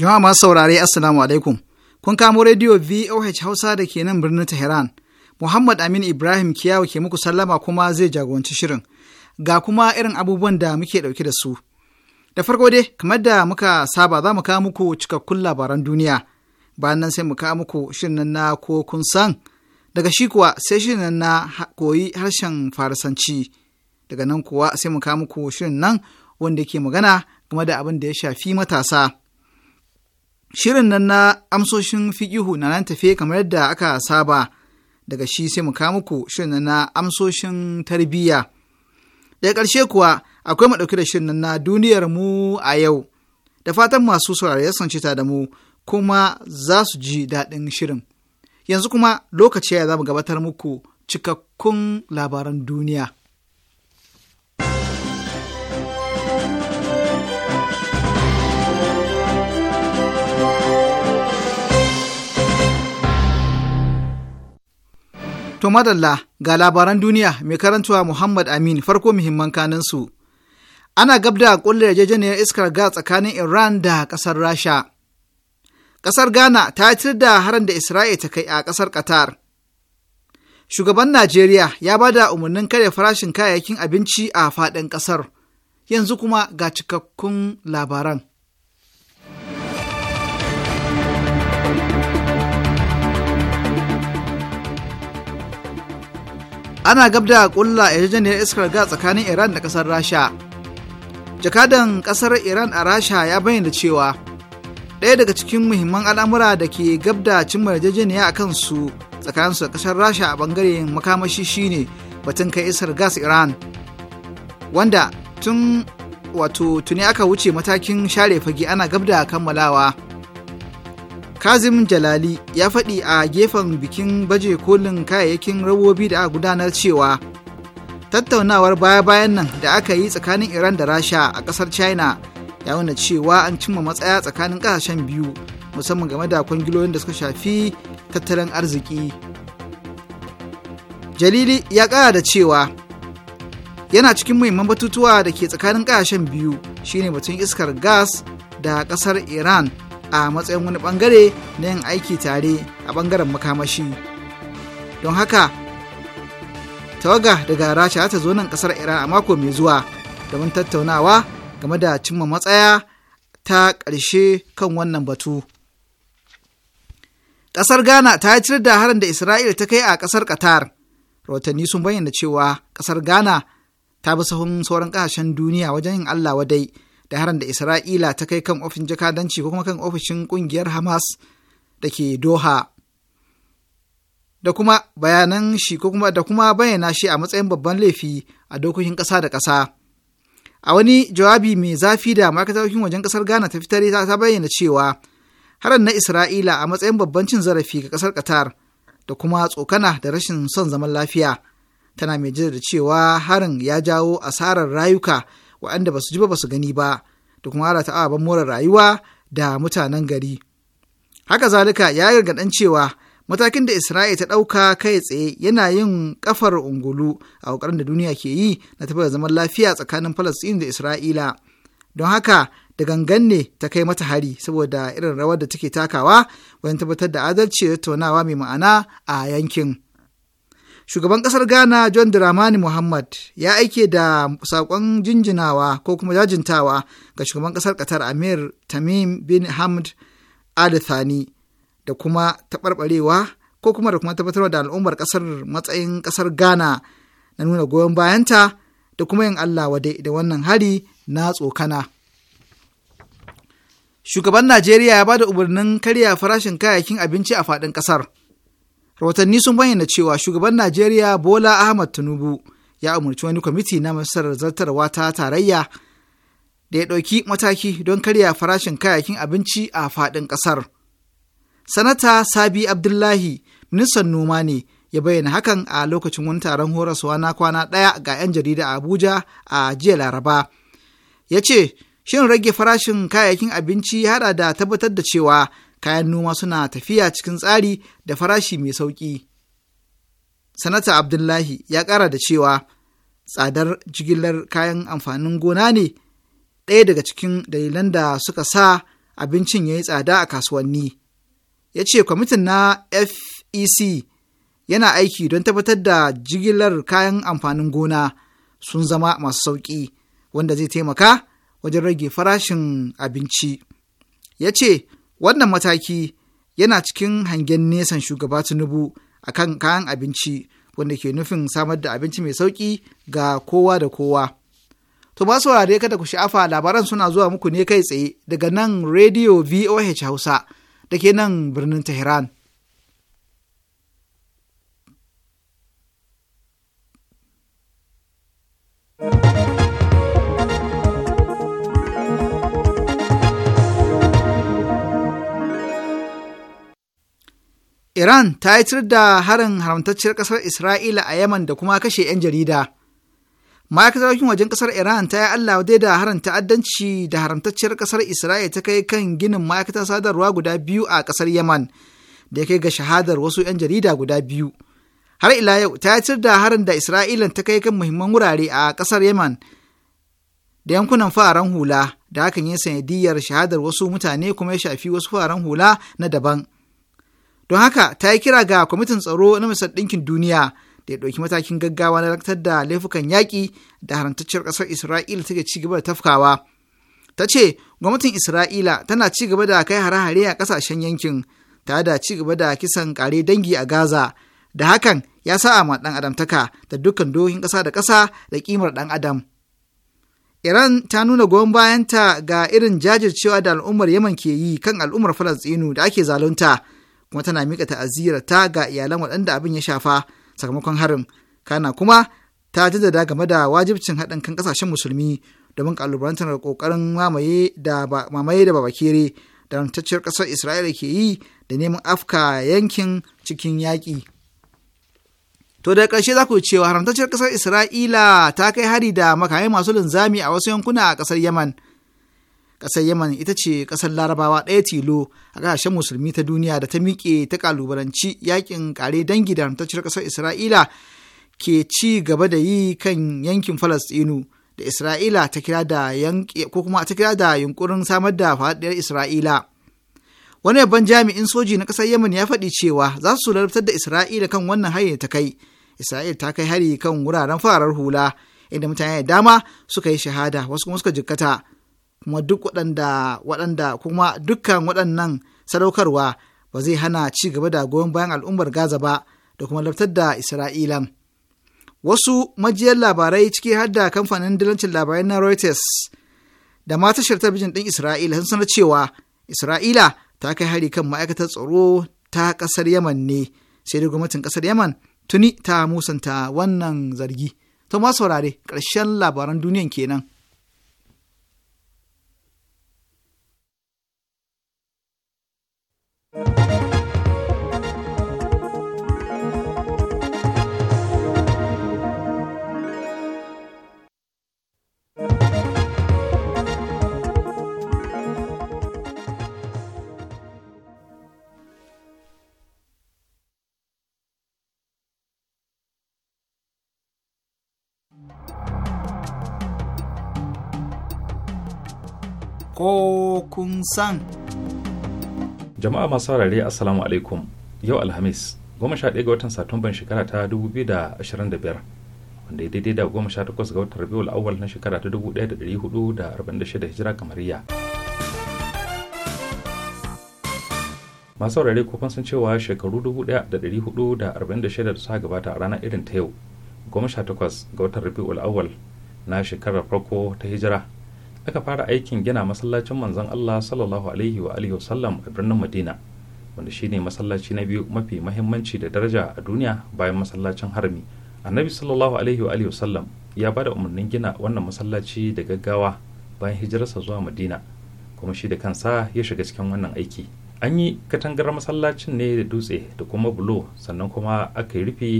Jama'a masu saurare Assalamu alaikum. Kun kamo rediyo VOH Hausa da ke nan birnin Tehran. Muhammad Amin Ibrahim Kiyawa ke muku sallama kuma zai jagoranci shirin. Ga kuma irin abubuwan da muke ɗauke da su. Da farko dai, kamar da muka saba za mu kawo muku cikakkun labaran duniya. Bayan nan sai mu kawo muku shirin na ko kun san. Daga shi kuwa sai shirin na koyi harshen Farisanci. Daga nan kuwa sai mu kawo muku shirin nan wanda ke magana game da abin da ya shafi matasa. Shirin nan na amsoshin fiƙihu na nan tafe kamar yadda aka saba daga shi sai mu ka muku shirin nan na amsoshin tarbiyya. Daga ƙarshe kuwa akwai mu ɗauki da shirin nan na duniyar mu a yau. Da fatan masu saurare ya sanci da mu kuma za su ji daɗin shirin. Yanzu kuma lokaci ya za mu gabatar muku cikakkun labaran duniya. To madalla ga labaran duniya mai karantuwa Muhammad Amin farko muhimman su Ana gab da kulle yarjejeniyar iskar ga tsakanin Iran da ƙasar Rasha. Ƙasar Ghana ta tir da harin da Isra'il ta kai a ƙasar Qatar. Shugaban Najeriya ya ba da umarnin kare farashin kayayyakin abinci a faɗin ƙasar. Yanzu kuma ga cikakkun labaran. ana gab da kulla yarjejeniyar iskar gas tsakanin iran da kasar rasha jakadan kasar iran a rasha ya bayyana cewa ɗaya daga cikin muhimman al'amura da ke gab da cimma yarjejeniya a kansu tsakaninsu da kasar rasha a bangaren makamashi shine batun kai iskar gas iran wanda tun wato tuni aka wuce matakin share fage ana gab da kammalawa kazim jalali ya faɗi a gefen bikin baje kolin kayayyakin rabobi da aka gudanar cewa tattaunawar baya-bayan nan da aka yi tsakanin iran da rasha a ƙasar china ya nuna cewa an cimma matsaya tsakanin ƙasashen biyu musamman game da kwangiloyin da suka shafi tattalin arziki jalili ya ƙara da cewa yana cikin muhimman batutuwa da ke tsakanin ƙasashen biyu shine batun iskar gas da ƙasar iran a matsayin wani bangare na yin aiki tare a bangaren makamashi don haka tawaga daga rasha ta zo nan kasar iran a mako mai zuwa domin tattaunawa game da cimma matsaya ta ƙarshe kan wannan batu ƙasar ghana ta yi da harin da isra'ila ta kai a ƙasar qatar rahotanni sun bayyana cewa ƙasar ghana ta bi sahun sauran ƙasashen duniya wajen yin allah wadai da haran da Isra'ila ta kai kan ofishin jakadanci ko kuma kan ofishin ƙungiyar Hamas da ke Doha. Da kuma bayanan shi ko kuma da kuma bayyana shi a matsayin babban laifi a dokokin ƙasa da ƙasa. A wani jawabi mai zafi da ma'aikatar wajen ƙasar Ghana ta fitar ta bayyana cewa haran na Isra'ila a matsayin babban cin zarafi ga ƙasar Qatar da kuma tsokana da rashin son zaman lafiya. Tana mai da cewa harin ya jawo asarar rayuka waɗanda ba su ji ba ba su gani ba da kuma ƙara ta ababen more rayuwa da mutanen gari. Haka zalika ya gargaɗan cewa matakin da Isra'il ta ɗauka kai tsaye yana yin ƙafar ungulu a ƙoƙarin da duniya ke yi na da zaman lafiya tsakanin falastin da Isra'ila. Don haka da gangan ne ta kai mata hari saboda irin rawar da take takawa wajen tabbatar da adalci da tattaunawa mai ma'ana a yankin. shugaban ƙasar ghana john dramani muhammad ya aike da sakon jinjinawa ko kuma jajintawa ga shugaban ƙasar ƙatar amir tamim bin hamd Thani da kuma taɓarɓarewa ko kuma da kuma tabbatarwa da al'ummar ƙasar matsayin kasar ghana na nuna goyon bayanta da kuma yin allah wadai da wannan hari na tsokana shugaban najeriya ya ba da umarnin karya farashin kayayyakin abinci a faɗin ƙasar rahotanni sun bayyana cewa shugaban najeriya bola ahmad tinubu ya umarci wani kwamiti na masarar zartarwa ta tarayya da ya ɗauki mataki don karya farashin kayayyakin abinci a faɗin ƙasar sanata sabi abdullahi ministan noma ne ya bayyana hakan a lokacin wani taron horaswa na kwana ɗaya ga 'yan jarida a abuja a jiya laraba ya ce shin rage farashin kayayyakin abinci ya haɗa da tabbatar da cewa kayan noma suna tafiya cikin tsari da farashi mai sauƙi. Sanata Abdullahi ya ƙara da cewa tsadar jigilar kayan amfanin gona ne ɗaya daga cikin dalilan da suka sa abincin ya yi tsada a kasuwanni. Ya ce kwamitin na FEC yana aiki don tabbatar da jigilar kayan amfanin gona sun zama masu sauƙi wanda zai taimaka wajen rage farashin abinci. Ya ce, Wannan mataki yana cikin hangen nesan shugaba Tinubu a kan kayan abinci wanda ke nufin samar da abinci mai sauƙi ga kowa da kowa. To ba saurare kada ku sha'afa labaran suna zuwa muku ne kai tsaye daga nan Radio VOH Hausa da ke nan birnin Tehran. thank you Iran ta yi da harin haramtacciyar ƙasar Isra'ila a Yaman da kuma kashe 'yan jarida. Ma'aikatar harkokin wajen ƙasar Iran ta yi Allah dai da harin ta'addanci da haramtacciyar ƙasar Isra'ila ta kai kan ginin ma'aikatar sadarwa guda biyu a ƙasar Yaman da ya kai ga shahadar wasu 'yan jarida guda biyu. Har ila yau ta yi da harin da Isra'ila ta kai kan muhimman wurare a ƙasar Yaman da yankunan fararen hula da hakan ya sanadiyar shahadar wasu mutane kuma ya shafi wasu fararen hula na daban. don haka ta yi kira ga kwamitin tsaro na misal ɗinkin duniya da ya ɗauki matakin gaggawa na lantar da laifukan yaƙi da haramtacciyar ƙasar isra'ila take ci gaba da tafkawa ta ce gwamnatin isra'ila tana ci gaba da kai hare-hare a ƙasashen yankin tare da ci gaba da kisan ƙare dangi a gaza da hakan ya sa a ɗan adamtaka da dukkan dohin ƙasa da ƙasa da ƙimar ɗan adam iran ta nuna goyon bayanta ga irin jajircewa da al'ummar yaman ke yi kan al'ummar falastinu da ake zalunta kuma tana mika ta'aziyar ga iyalan waɗanda abin ya shafa sakamakon harin kana kuma ta jaddada game da wajibcin haɗin kan ƙasashen musulmi domin ƙalubalantar ƙoƙarin mamaye da mamaye da babakere da rantacciyar ƙasar isra'ila ke yi da neman afka yankin cikin yaƙi to da ƙarshe za ku cewa haramtacciyar ƙasar isra'ila ta kai hari da makamai masu linzami a wasu yankuna a ƙasar yaman ƙasar Yaman ita ce ƙasar Larabawa ɗaya tilo a ƙasashen musulmi ta duniya da ta miƙe ta ƙalubalanci yaƙin ƙare dangi da haramtacciyar ƙasar Isra'ila ke ci gaba da yi kan yankin Falastinu da Isra'ila ta kira da yanke ko kuma ta kira da yunkurin samar da faɗiyar Isra'ila. Wani babban jami'in soji na ƙasar Yaman ya faɗi cewa za su larabtar da Isra'ila kan wannan hari ta kai. Isra'ila ta kai hari kan wuraren farar hula inda mutane da dama suka yi shahada wasu kuma suka jikkata. kuma duk waɗanda waɗanda kuma dukkan waɗannan sadaukarwa ba zai hana ci gaba da goyon bayan al'ummar Gaza ba da kuma laftar da Isra'ila. Wasu majiyar labarai ciki har da kamfanin dilancin labarai na Reuters da ma tashar talabijin ɗin Isra'ila sun sanar cewa Isra'ila ta kai hari kan ma'aikatar tsaro ta ƙasar Yaman ne sai dai gwamnatin ƙasar Yaman tuni ta musanta wannan zargi. To ma saurare ƙarshen labaran duniyan kenan. ko kun san. Jama'a masu saurare Assalamu alaikum yau Alhamis goma sha ɗaya ga watan Satumban shekara ta dubu biyu da ashirin da biyar wanda ya daidai da goma sha takwas ga watan Rabiul Awwal na shekara ta dubu ɗaya da ɗari hudu da arba'in da shida hijira kamariya. Masu saurare ko sun cewa shekaru dubu ɗaya da ɗari hudu da arba'in da shida da suka gabata a ranar irin ta yau goma sha takwas ga watan Rabiul Awwal na shekarar farko ta hijira aka fara aikin gina masallacin manzon Allah sallallahu alaihi wa alihi wasallam a birnin Madina wanda shine masallaci na biyu mafi mahimmanci da daraja a duniya bayan masallacin harami annabi sallallahu alaihi wa alihi wasallam ya ba da umarnin gina wannan masallaci da gaggawa bayan hijirarsa zuwa Madina kuma shi da kansa ya shiga cikin wannan aiki an yi katangar masallacin ne da dutse da kuma bulo sannan kuma aka yi rufi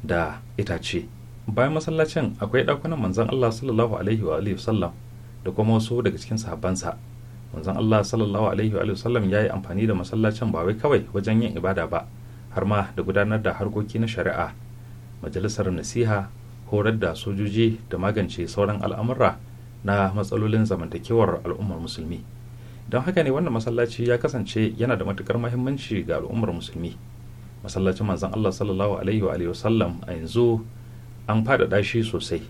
da itace bayan masallacin akwai ɗakunan manzon Allah sallallahu alaihi wa alihi wasallam da kuma wasu daga cikin sahabbansa manzon Allah sallallahu alaihi wa sallam ya yi amfani da masallacin ba wai kawai wajen yin ibada ba har ma da gudanar da harkoki na shari'a majalisar nasiha horar da sojoji da magance sauran al'amura na matsalolin zamantakewar al'ummar musulmi don haka ne wannan masallaci ya kasance yana da matukar muhimmanci ga al'ummar musulmi masallacin manzon Allah sallallahu alaihi wa sallam a yanzu an faɗaɗa shi sosai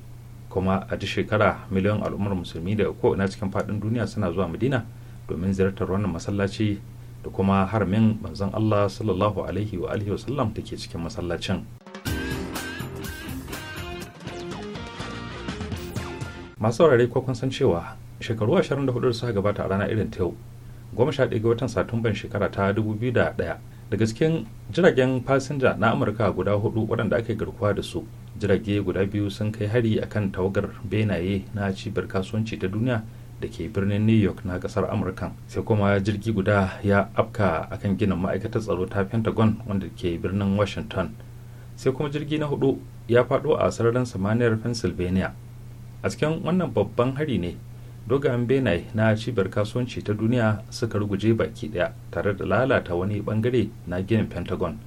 kuma a duk shekara miliyan al'ummar musulmi daga ko'ina cikin faɗin duniya suna zuwa madina domin ziyartar wannan masallaci da kuma harmin manzon allah sallallahu alaihi wa alihi wasallam da ke cikin masallacin masu saurare ko kun san cewa shekaru 24 da suka gabata a rana irin ta yau goma sha ga watan satumban shekara ta 2001 daga cikin jiragen fasinja na amurka guda hudu waɗanda aka garkuwa da su jirage guda biyu sun kai hari akan tawagar benaye na cibiyar kasuwanci ta duniya da ke birnin new york na kasar amurka sai kuma jirgi guda ya afka akan ginin ma'aikatar tsaro ta pentagon wanda ke birnin washington sai kuma jirgi na hudu ya faɗo a sararin samaniyar pennsylvania a cikin wannan babban hari ne dogayen benai na cibiyar kasuwanci ta duniya suka ruguje baki daya tare da lalata wani bangare na ginin pentagon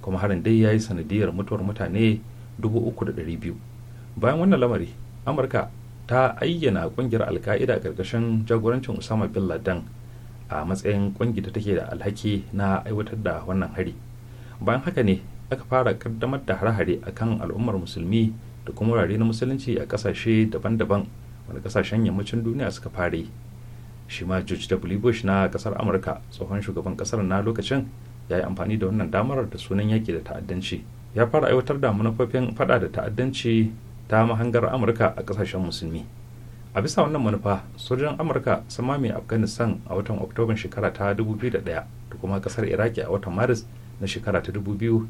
kuma harin dai ya yi sanadiyar mutuwar mutane 3,200 bayan wannan lamari amurka ta ayyana kungiyar alka'ida karkashin jagorancin usama bin laden a matsayin kungiyar da take da alhaki na aiwatar da wannan hari bayan haka ne aka fara kaddamar da hare-hare akan al'ummar musulmi da kuma wurare na musulunci a kasashe daban-daban wani kasashen yammacin duniya suka fare shi ma george w bush na kasar amurka tsohon shugaban kasar na lokacin ya yi amfani da wannan damar da sunan yaki da ta'addanci ya fara aiwatar da manufofin faɗa da ta'addanci ta mahangar amurka a kasashen musulmi a bisa wannan manufa sojan amurka sun mame afghanistan a watan oktoban shekara ta 2001 da kuma kasar iraki a watan maris na shekara ta 2003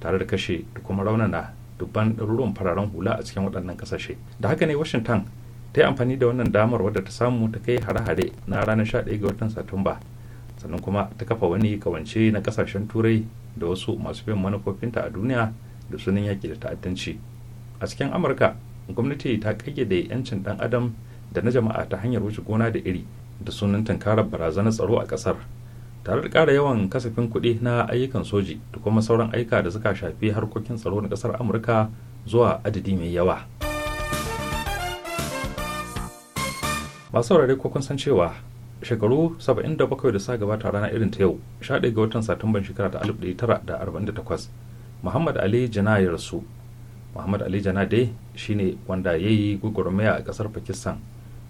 tare da kashe da kuma raunana dubban ɗaruruwan fararen hula a cikin waɗannan ƙasashe da haka ne washington ta yi amfani da wannan damar wadda ta samu ta kai hare-hare na ranar 11 ga watan satumba sannan kuma ta kafa wani kawance na ƙasashen turai da wasu masu bin manufofinta a duniya da sunan yaƙi da ta'addanci a cikin amurka gwamnati ta ƙayyade 'yancin ɗan adam da na jama'a ta hanyar wuce gona da iri da sunan tankarar barazanar tsaro a ƙasar tare da ƙara yawan kasafin kuɗi na ayyukan soji da kuma sauran aika da suka shafi harkokin tsaro na ƙasar amurka zuwa adadi mai yawa masu saurare ko kun san cewa shekaru 77 da sa gabata rana irin ta yau 11 ga watan satumban shekara ta 1948 muhammad ali jana ya muhammad ali jana dai shine wanda ya yi gwagwarmaya a kasar pakistan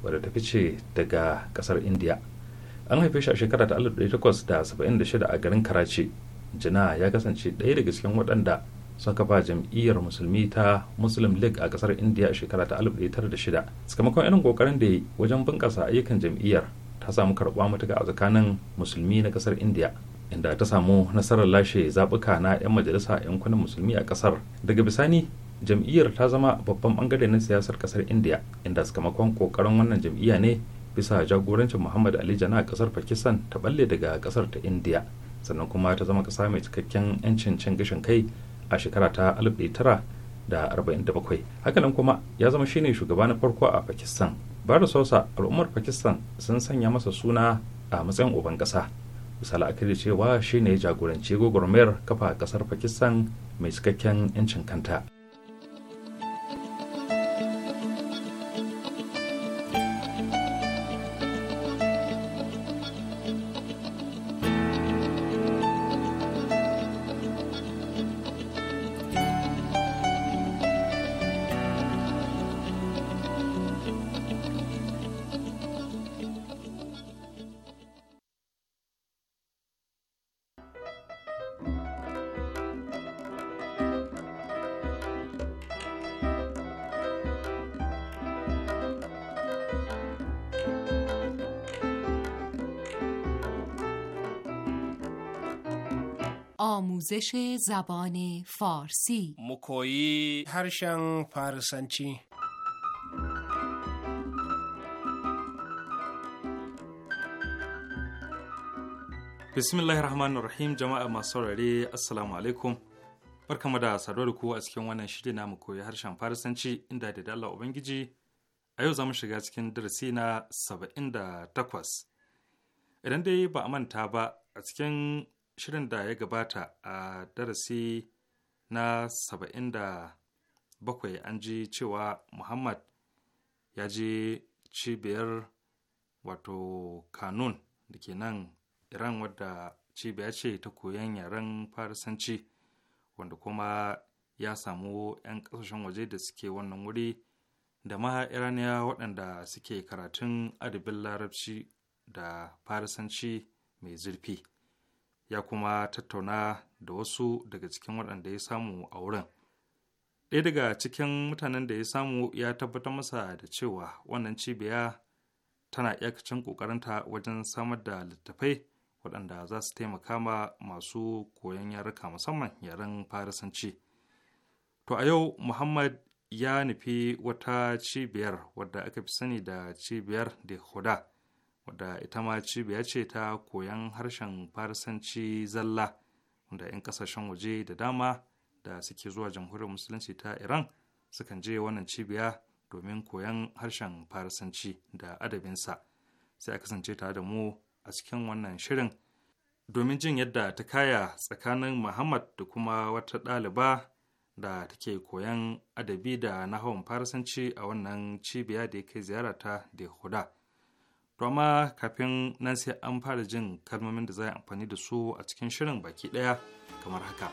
wadda ta fice daga kasar india an haife shi a shekara ta 1876 a garin karachi jina ya kasance ɗaya daga cikin waɗanda sun kafa jam'iyyar musulmi ta muslim league a kasar india a shekara ta 1906 sakamakon irin kokarin da yi wajen bunƙasa ayyukan jam'iyyar ta samu karɓa matuƙa a tsakanin musulmi na kasar india inda ta samu nasarar lashe zaɓuka na 'yan majalisa a yankunan musulmi a kasar daga bisani jam'iyyar ta zama babban bangare na siyasar kasar india inda sakamakon kokarin wannan jam'iyya ne bisa jagorancin muhammad ali jana a kasar pakistan ta balle daga kasar ta india sannan kuma ta zama kasa mai cikakken 'yancin cin gashin kai a shekara ta 1947 hakanan kuma ya zama shine shugaba na farko a pakistan bara sosa al'ummar pakistan sun sanya masa suna a matsayin uban kasa misali a da cewa shine jagoranci gwagwarmayar kafa kasar pakistan mai cikakken 'yancin kanta آموزش زبان فارسی مکویی هرشن فارسنچی bismillahir rahmanir rahim jama'a masu saurare assalamu alaikum barkamu da saduwa da ku a cikin wannan shiri na mu koyi harshen farisanci inda da Allah ubangiji a yau za mu shiga cikin darasi na saba'in da takwas idan dai ba a manta ba a cikin shirin da ya gabata a darasi na saba'in da bakwai an ji cewa muhammad ya je cibiyar wato kanun da ke nan iran wadda cibiya ce ta koyon yaren farisanci wanda kuma ya samu 'yan kasashen waje da suke wannan wuri da ma iraniya waɗanda suke karatun adabin larabci da farisanci mai zurfi ya kuma tattauna da wasu daga cikin waɗanda ya samu a wurin ɗaya daga cikin mutanen da ya samu ya tabbatar masa da cewa wannan cibiya tana iyakacin ƙoƙarinta wajen samar da littattafai waɗanda za su taimaka ma masu koyon yaruka musamman yaren farisanci to a yau muhammad ya nufi wata cibiyar wadda aka fi sani da cibiyar da huda wadda ita ma cibiya ce ta koyan harshen farisanci zalla wanda 'yan kasashen waje da dama da suke zuwa jamhuriyar musulunci ta iran sukan je wannan cibiya domin koyon harshen farisanci da adabinsa sai a kasance tare da mu a cikin wannan shirin domin jin yadda ta kaya tsakanin muhammad da kuma wata ɗaliba da take koyan adabi da nahawan farisanci a wannan cibiya da ya kai ziyara ta da huda To amma kafin nan sai an fara jin kalmomin da za a amfani da su a cikin shirin baki ɗaya kamar haka.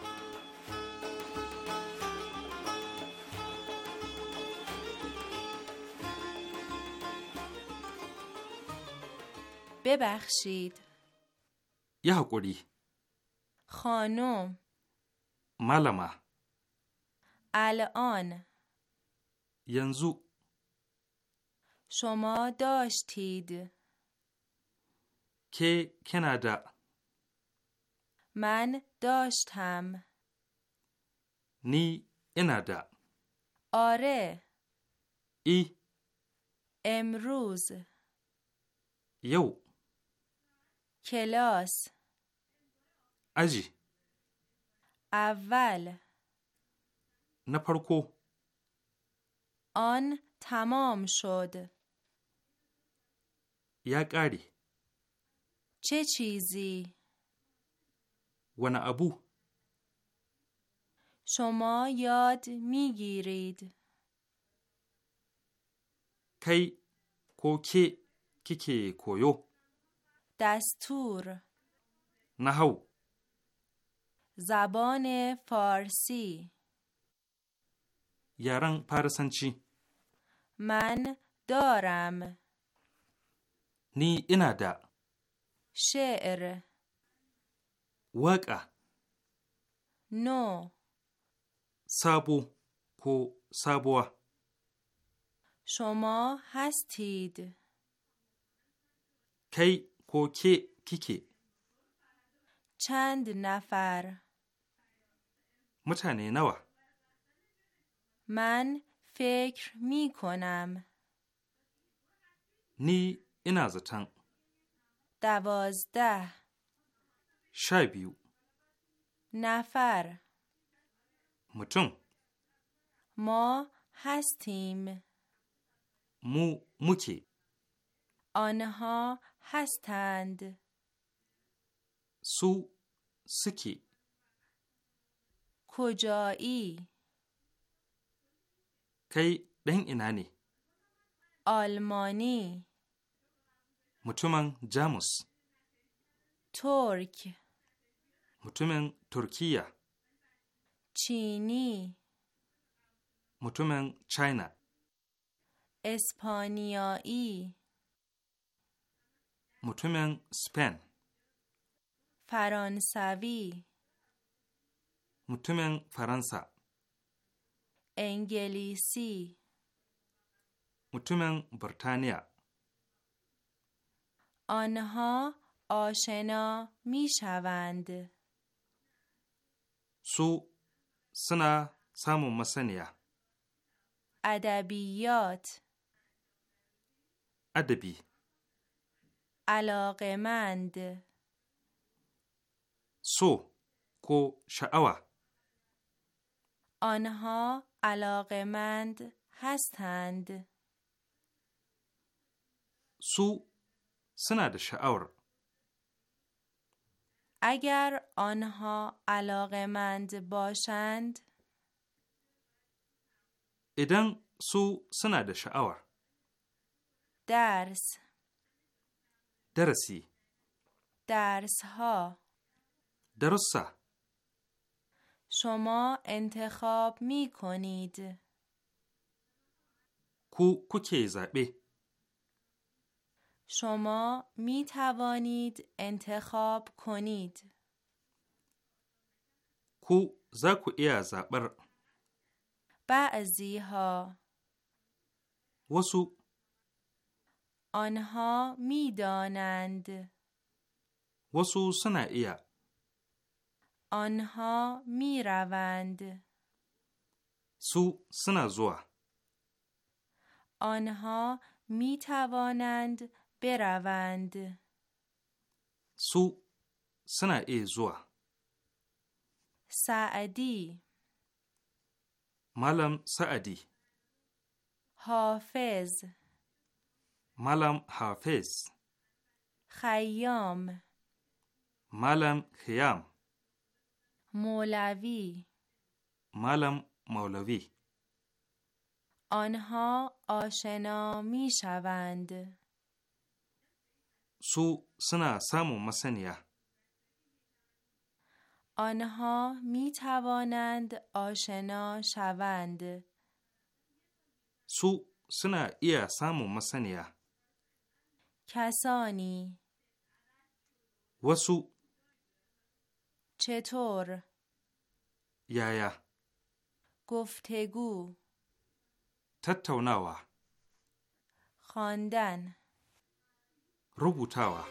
ببخشید یه حقوری خانم ملما الان ینزو شما داشتید که کندا من داشتم نی اندا آره ای امروز یو کلاس اجی اول نپرکو آن تمام شد یک اری چه چیزی؟ ون ابو شما یاد میگیرید کی کوکی کیکی کویو دستور نهو زبان فارسی یاران پارسنچی من دارم نی اینا دا شعر وقع نو سابو کو سابوا شما هستید کی کو کی کی، چند نفر متنه نوا من فکر می کنم نی اینا زتن دوازده شایبیو نفر مچون ما هستیم مو موکی آنها هستند سو سکی کجایی کی دنگ اینانی آلمانی mutumin Jamus. Turk. Mutumin Turkiya. Chini. Mutumin China. Espaniyai. Mutumin Spain. Faransavi. Mutumin Faransa. Engelisi. Mutumin Burtaniya. آنها آشنا می شوند سو سنا سامو مسنیا ادبیات ادبی علاقمند سو کو شعوا آنها علاقمند هستند سو suna da اگر آنها مند باشند ادن سو suna د درس درسی درس ها ها شما انتخاب می کنید کو کوکه زبه شما می توانید انتخاب کنید. کو زکو ایا زبر بعضی ها وسو آنها می دانند وسو سنا ایا آنها می روند سو سنا زوا آنها می توانند بروند سو سنا ای زوا سعدی مالم سعدی حافظ مالم حافظ خیام مالم خیام مولوی مالم مولوی آنها آشنا می شوند. سو سنا سامو مسنیه آنها می توانند آشنا شوند سو سنا ایا سامو مسنیه کسانی وسو چطور یایا گفتگو نوا خواندن rubutawa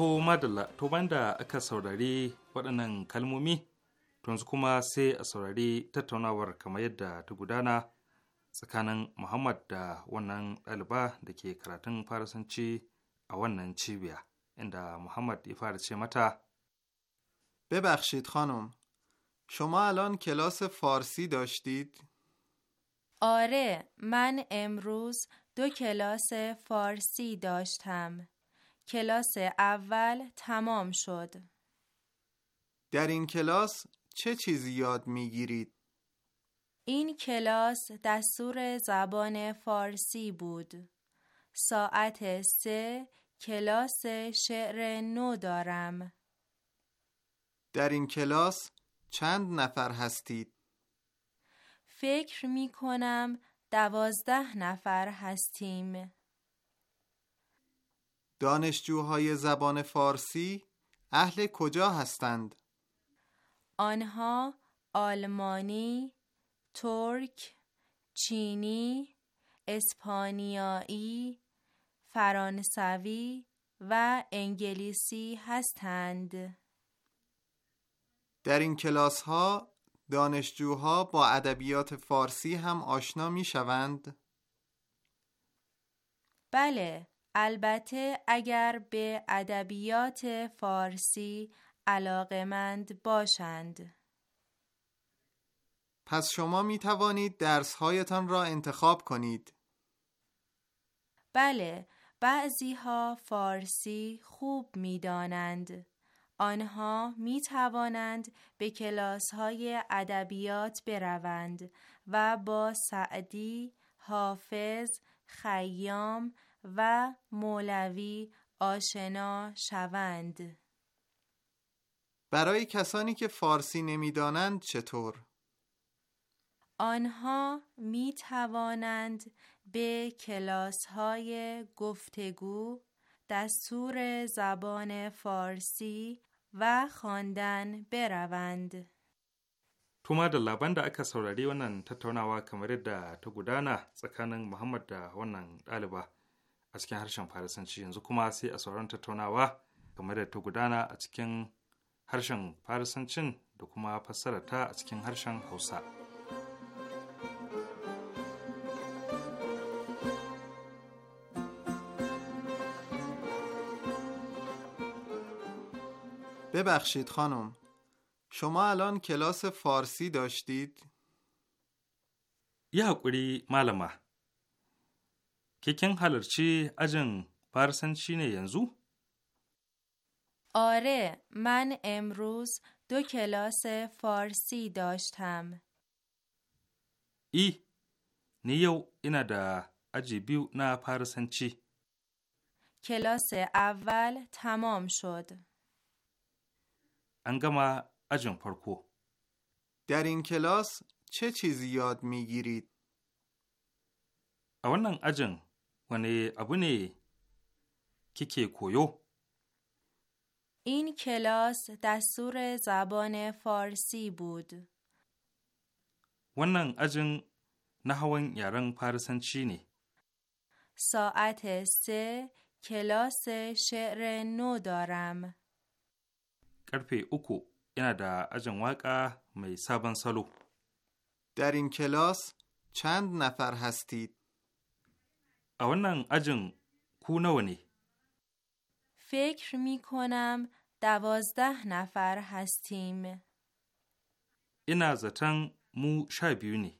To madalla, to banda aka saurari waɗannan kalmomi, to yanzu kuma sai a saurari tattaunawar kamar yadda ta gudana tsakanin Muhammad da wannan ɗaliba da ke karatun Farisanci a wannan cibiya. inda Muhammad ya fara ببخشید خانم شما الان کلاس فارسی داشتید؟ آره من امروز دو کلاس فارسی داشتم کلاس اول تمام شد در این کلاس چه چیزی یاد میگیرید؟ این کلاس دستور زبان فارسی بود ساعت سه کلاس شعر نو دارم. در این کلاس چند نفر هستید؟ فکر می کنم دوازده نفر هستیم. دانشجوهای زبان فارسی اهل کجا هستند؟ آنها آلمانی، ترک، چینی، اسپانیایی، فرانسوی و انگلیسی هستند. در این کلاس ها دانشجوها با ادبیات فارسی هم آشنا می شوند؟ بله، البته اگر به ادبیات فارسی علاقمند باشند. پس شما می توانید درس هایتان را انتخاب کنید. بله، بعضی ها فارسی خوب می دانند. آنها می توانند به کلاس های ادبیات بروند و با سعدی، حافظ، خیام و مولوی آشنا شوند. برای کسانی که فارسی نمیدانند چطور؟ آنها می توانند به کلاس های گفتگو، دستور زبان فارسی و خواندن بروند. Tuma da labar da aka saurari wannan tattaunawa kamar yadda ta gudana tsakanin Muhammad da wannan ɗaliba a cikin harshen Farisanci yanzu kuma sai a sauran tattaunawa kamar yadda ta gudana a cikin harshen Farisancin da kuma fassarata a cikin harshen Hausa. ببخشید خانم شما الان کلاس فارسی داشتید؟ یه حقوری معلمه که کن حلرچی اجن پرسن چی ینزو؟ آره من امروز دو کلاس فارسی داشتم ای نیو اینا دا اجی بیو نه چی؟ کلاس اول تمام شد انگمه اجن پرکو در این کلاس چه چیزی یاد میگیرید؟ اونن اجن ونه ابونه که کویو این کلاس دستور زبان فارسی بود ونن اجن نهوان یارن پارسنچی نی ساعت سه کلاس شعر نو دارم رف اکو ن د اجن وک می سب سالو در این کلاس چند نفر هستید اون اجن کو نونه فکر میکنم دوازده نفر هستیم اینه زتن مو شه بیو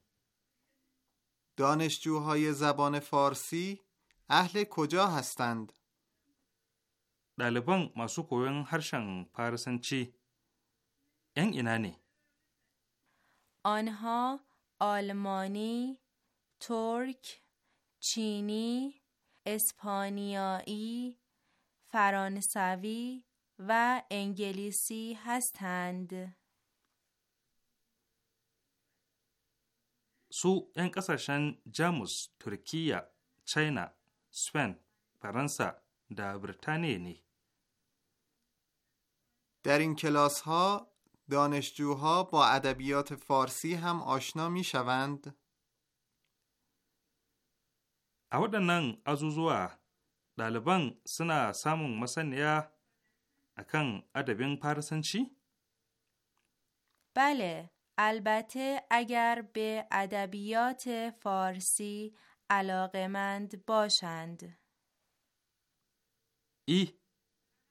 دانشجوهای زبان فارسی اهل کجا هستند ɗaliban masu koyon harshen Farisanci ‘yan ina ne? آنها آلمانی، ترک، چینی، اسپانیایی، فرانسوی و انگلیسی هستند. su 'yan kasashen Jamus, Turkiyya, China, Spain, Faransa da Birtaniya ne. در این کلاس ها دانشجوها با ادبیات فارسی هم آشنا می شوند؟ اول دنن ازوزوا دالبان سنا سامون مسن یا اکن عدبین پارسن چی؟ بله البته اگر به ادبیات فارسی علاقمند باشند ای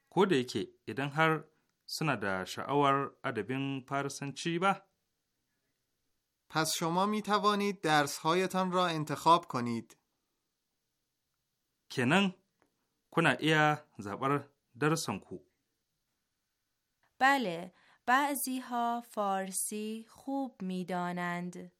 کودکی ادن هر suna da sha'awar adabin پس شما می توانید درس هایتان را انتخاب کنید. کنن کنا ایا زبر درسان کو. بله، بعضی ها فارسی خوب می دانند.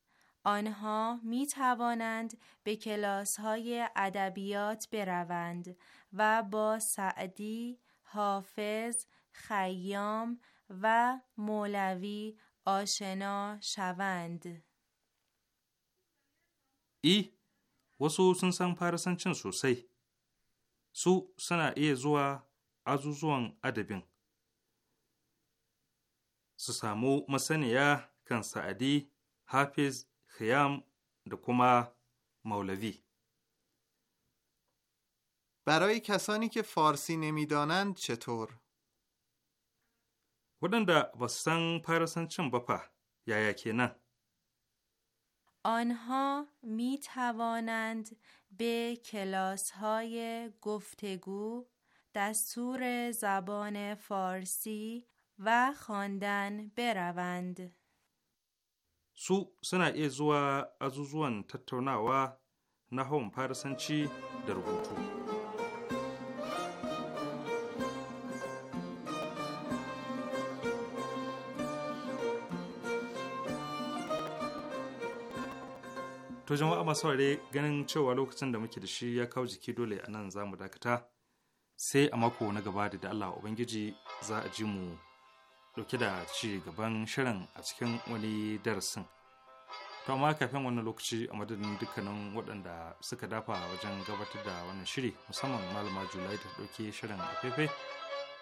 آنها می توانند به کلاس های ادبیات بروند و با سعدی، حافظ، خیام و مولوی آشنا شوند ای وسو سو سنسان پارسان چن سو سی سو سنا ای زوا ازو زوان ادبین سسامو مسانی یا کن سعدی حافظ خیام دکما مولوی برای کسانی که فارسی نمیدانند چطور؟ waɗanda ba su san farasan cin ba fa yaya kenan. آنها می توانند به کلاس های گفتگو دستور زبان فارسی و خواندن بروند. سو سنا ای زوا ازوزوان تتونا و نهوم پرسنچی در بوتو. to jama'a masu saurare ganin cewa lokacin da muke da shi ya kawo jiki dole a nan za mu dakata sai a mako na gaba da Allah ubangiji za a ji mu dauke da ci gaban shirin a cikin wani darasin to amma kafin wannan lokaci a madadin dukkanin waɗanda suka dafa wajen gabatar da wannan shiri musamman malama julai ta ɗauke shirin a faifai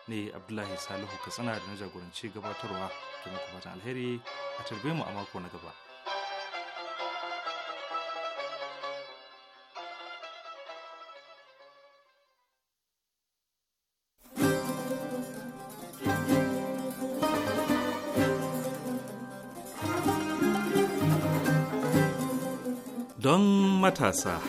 ne abdullahi salihu katsina da na jagoranci gabatarwa da muku alheri a tarbe mu a mako na gaba matasa.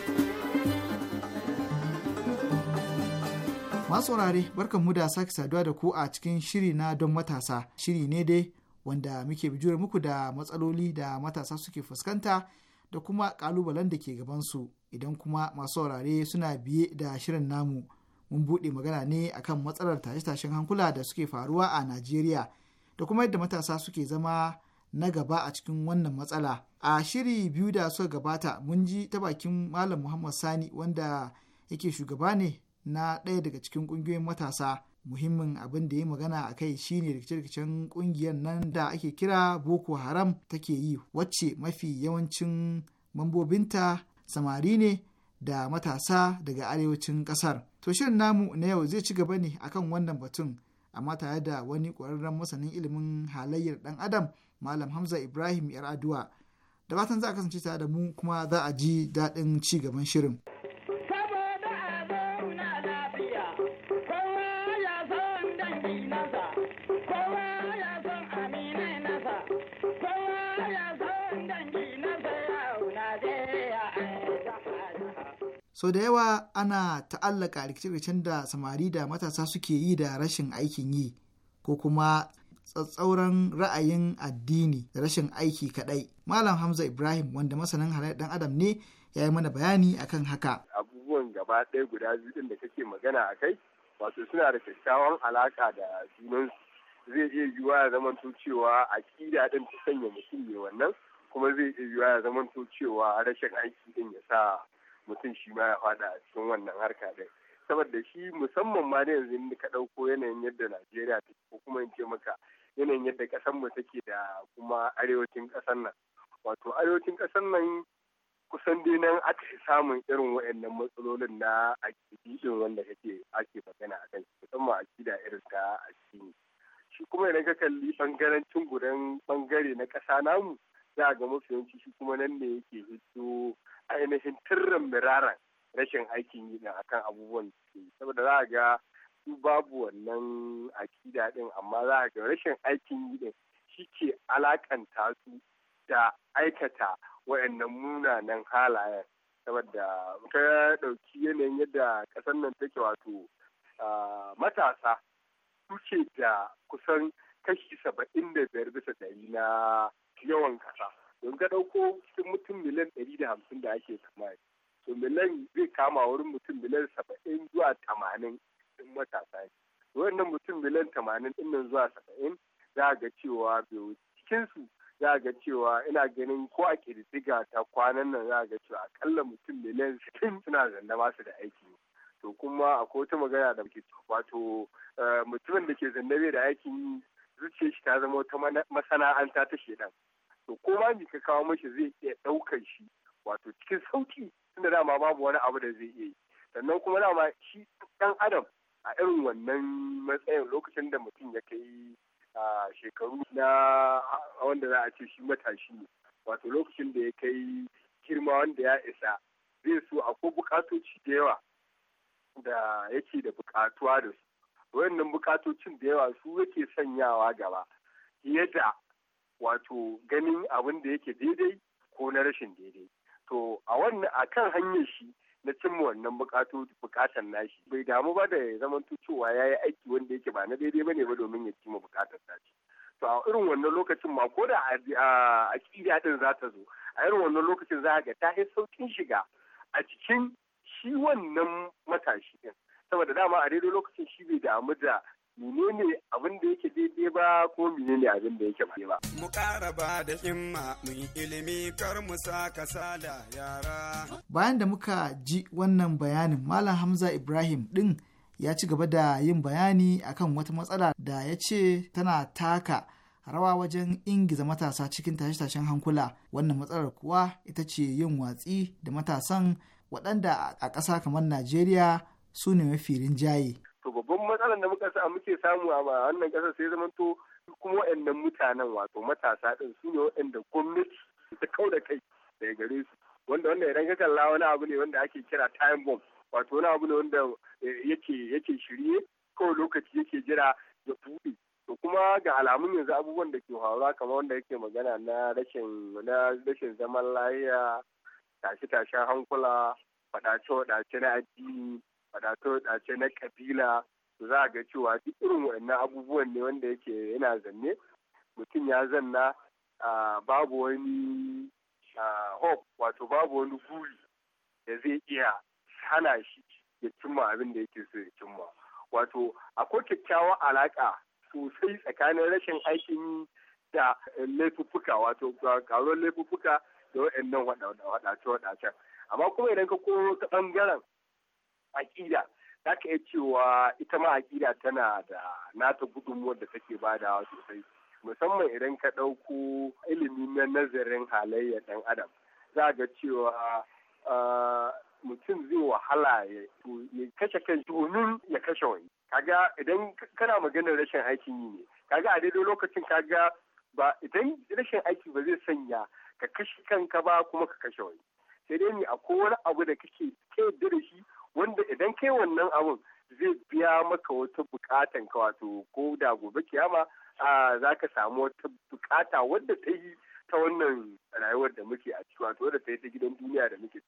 Masu wurare barkan mu da sake saduwa da ku a cikin shiri na don matasa. Shiri ne dai wanda muke bijira muku da matsaloli da matasa suke fuskanta da kuma kalubalen da ke gabansu idan kuma masu wurare suna biye da shirin namu. Mun buɗe magana ne akan matsalar tashe-tashen hankula da suke faruwa a Najeriya da kuma yadda matasa suke zama na gaba a cikin wannan matsala a shiri biyu da suka gabata mun ji ta bakin malam muhammad sani wanda yake shugaba ne na ɗaya daga cikin ƙungiyoyin matasa muhimmin abin da ya magana a kai shine rikice-rikicen ƙungiyar nan da ake kira boko haram take yi wacce mafi yawancin mambobinta samari ne da matasa daga arewacin ƙasar to shirin namu na yau zai ci gaba ne akan wannan batun amma tare da wani ƙwararren masanin ilimin halayyar ɗan adam malam hamza ibrahim yar aduwa da fatan za a kasance tare da mu kuma za a ji daɗin ci gaban shirin. so da yawa ana ta'allaka rikice-rikicen da samari da matasa suke yi da rashin aikin yi ko kuma tsatsauran ra'ayin addini da rashin aiki kadai Malam Hamza Ibrahim wanda masanin halayyar dan Adam ne ya yi mana bayani akan haka. Abubuwan gaba ɗaya guda biyu ɗin da kake magana a kai wato suna da kyakkyawan alaƙa da junansu zai iya yiwuwa ya zamanto cewa aƙida ɗin ta sanya mutum ne wannan kuma zai iya yiwuwa ya zamanto cewa rashin aiki ɗin ya sa mutum shi ma ya faɗa a cikin wannan harka ɗin. saboda shi musamman ma da yanzu ka ɗauko yanayin yadda Najeriya ta ko kuma in ce maka yanayin yadda ƙasar mu take da kuma arewacin ƙasar nan wato arewacin ƙasar nan kusan dai nan aka fi samun irin waɗannan matsalolin na aƙidi din wanda kake ake magana a kan musamman kida irin ta addini shi kuma idan ka kalli bangarancin gudan bangare na ƙasa namu za ga mafi yawanci shi kuma nan ne yake hito ainihin tirrin miraran rashin aikin yi akan abubuwan da saboda za a ga su babu wannan akida din amma za a ga rashin aikin yi din shi ke alakanta su da aikata wayannan munanan halayen saboda ka ɗauki yanayin yadda ƙasar nan take wato matasa suke da kusan kashi saba'in da biyar bisa ɗari na yawan ƙasa don ka ɗauko cikin mutum miliyan ɗari da hamsin da ake kamar to miliyan zai kama wurin mutum miliyan saba'in zuwa tamanin ɗin matasa ne wannan mutum miliyan tamanin ɗin nan zuwa saba'in za ga cewa bai cikinsu za ga cewa ina ganin ko a ƙididdiga ta kwanan nan za ga cewa aƙalla mutum miliyan sittin suna zanna masu da aiki to kuma akwai wata magana da muke wato eh, mutumin da ke zanna bai da aikin zuciya shi ta zama wata masana'anta ta shedan to ko ma ka kawo mashi zai iya ɗaukar shi wato cikin sauki tunda dama babu wani abu da zai iya yi sannan kuma dama shi ɗan adam a irin wannan matsayin lokacin da mutum ya kai a shekaru na wanda za a ce shi matashi ne wato lokacin da ya kai girma wanda ya isa zai so akwai bukatoci da yawa da yake da bukatuwa da su wayannan bukatocin da yawa su yake sanyawa gaba fiye da wato ganin abin da yake daidai ko na rashin daidai to a wannan a kan hanyar shi na cimma wannan bukatan nashi bai damu ba da zaman zama ya yi aiki wanda yake ba na daidai ba ba domin ya cimma bukatar nashi to a irin wannan lokacin ma ko da a ƙida din za ta zo a irin wannan lokacin za a ga ta yi saukin shiga a cikin shi wannan matashi din saboda dama a daidai lokacin shi bai damu da menene abin da yake daidai ba ko menene abin da yake ba. Mu ƙara ba da himma mu yi ilimi kar mu sa kasala yara. Bayan da muka ji wannan bayanin Malam Hamza Ibrahim ɗin ya ci gaba da yin bayani akan wata matsala da ya ce tana taka rawa wajen ingiza matasa cikin tashe-tashen hankula wannan matsalar kuwa ita ce yin watsi da matasan waɗanda a ƙasa kamar najeriya su ne mafi rinjaye to babban matsalar da muka sa muke samu a wannan kasar sai zama to kuma waɗannan mutanen wato matasa ɗin su ne waɗanda gwamnati ta kau da kai daga gare su wanda wanda idan ka kalla wani abu ne wanda ake kira time bomb wato wani abu ne wanda eh, yake yake shirye kawai lokaci yake jira ya buɗe to kuma ga alamun yanzu abubuwan da ke faruwa kamar wanda yake magana na rashin na rashin zaman lafiya tashe-tashen hankula faɗace-faɗace na addini faɗace-faɗace na kabila za a ga cewa duk irin wannan abubuwan ne wanda yake yana zanne mutum ya zanna babu wani hope wato babu wani guri da zai iya hana shi ya cimma abin da yake so ya cimma wato akwai kyakkyawar alaƙa sosai tsakanin rashin aikin da laifuffuka wato karuwar laifuffuka da waɗannan waɗace-waɗacen amma kuma idan ka koro ta ɓangaren aƙida za ka iya cewa ita ma aƙida tana da nata gudunmuwar da take badawa sosai musamman idan ka ɗauko ilimi na nazarin halayya ɗan adam za ga cewa mutum zai wahala ya kashe kan domin ya kashe wani kaga idan kana maganar rashin aikin yi ne kaga a daidai lokacin kaga ba idan rashin aiki ba zai sanya ka kashe kanka ba kuma ka kashe wani sai dai ne akwai wani abu da kake kai da shi wanda idan kai wannan abun zai biya maka wata bukatan ka wato ko da gobe kiyama za ka samu wata bukata wadda ta yi ta wannan rayuwar da muke a ciki wato wadda ta yi ta gidan duniya da muke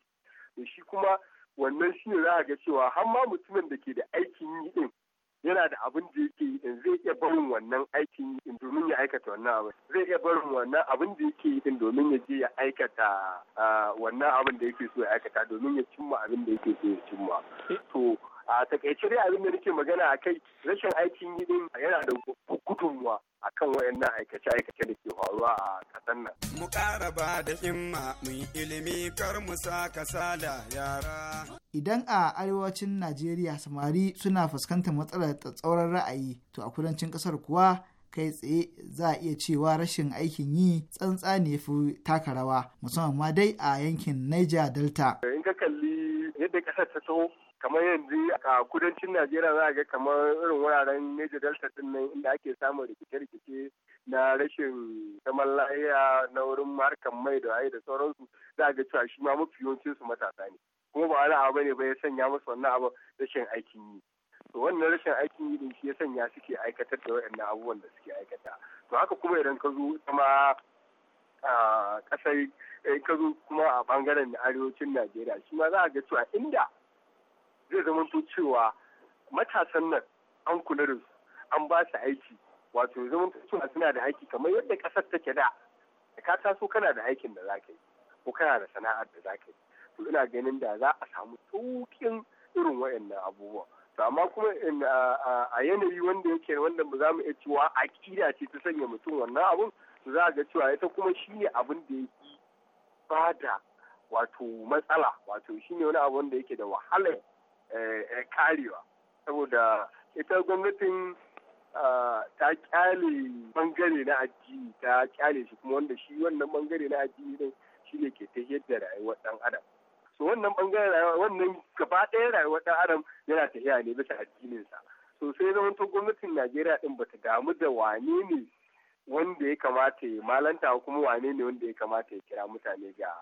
ciki shi kuma wannan shi ne za ga cewa har ma mutumin da ke da aikin yi din yana da abin da yake yi in zai iya barin wannan aikin yi domin ya aikata wannan abin zai iya barin wannan abin da yake yi in domin ya je ya aikata ah, wannan abin da yake so ya aikata domin ya cimma abin da yake so ya cimma eh, to a takaice dai abin da nake magana a kai rashin aikin yi din yana da gudunmuwa akan wayannan aikace-aikace da ke faruwa a ƙasar nan. Mu ƙara ba da himma mu yi ilimi kar mu sa kasala yara. Idan a arewacin Najeriya samari suna fuskantar matsalar tsatsauran ra'ayi to a kudancin ƙasar kuwa kai tsaye za a iya cewa rashin aikin yi tsantsa ne fi taka rawa musamman ma dai a yankin Niger Delta. In ka kalli yadda ƙasar ta taho kamar yanzu a kudancin najeriya za a ga kamar irin wuraren neja delta din nan inda ake samun rikice-rikice na rashin zaman lahiya na wurin harkar mai da ayi da sauransu za a ga cewa shi ma mafi yawancin su matasa ne kuma ba wani abu ne ba ya sanya musu wannan abu rashin aikin yi to wannan rashin aikin yi din shi ya sanya suke aikatar da waɗannan abubuwan da suke aikata to haka kuma idan ka zo kuma a ƙasar eh, ka zo kuma a bangaren arewacin najeriya shi ma za a ga cewa inda zai zama to cewa matasan nan an kula da su an ba su aiki wato zama cewa suna da aiki kamar yadda kasar take da da ka taso kana da aikin da zaka yi ko kana da sana'ar da zaka yi to ina ganin da za a samu sauƙin irin waɗannan abubuwa to amma kuma a yanayi wanda yake wanda ba za mu iya cewa ƙira ce ta sanya mutum wannan abun za a ga cewa ita kuma shi ne abin da ya ba da wato matsala wato shi wani abu wanda yake da wahalar Eh, eh, karewa saboda ita gwamnatin ah, ta kyale bangare na addini ta kyale shi kuma wanda shi wannan bangare na addini din shi ne ke ta yadda rayuwar dan adam so wannan bangare rayuwa wannan gaba ɗaya rayuwar dan adam yana ta tafiya ne bisa addininsa so sai zaman to gwamnatin najeriya din bata damu da wane ne wanda ya kamata ya malanta kuma wane ne wanda ya kamata ya kira mutane ga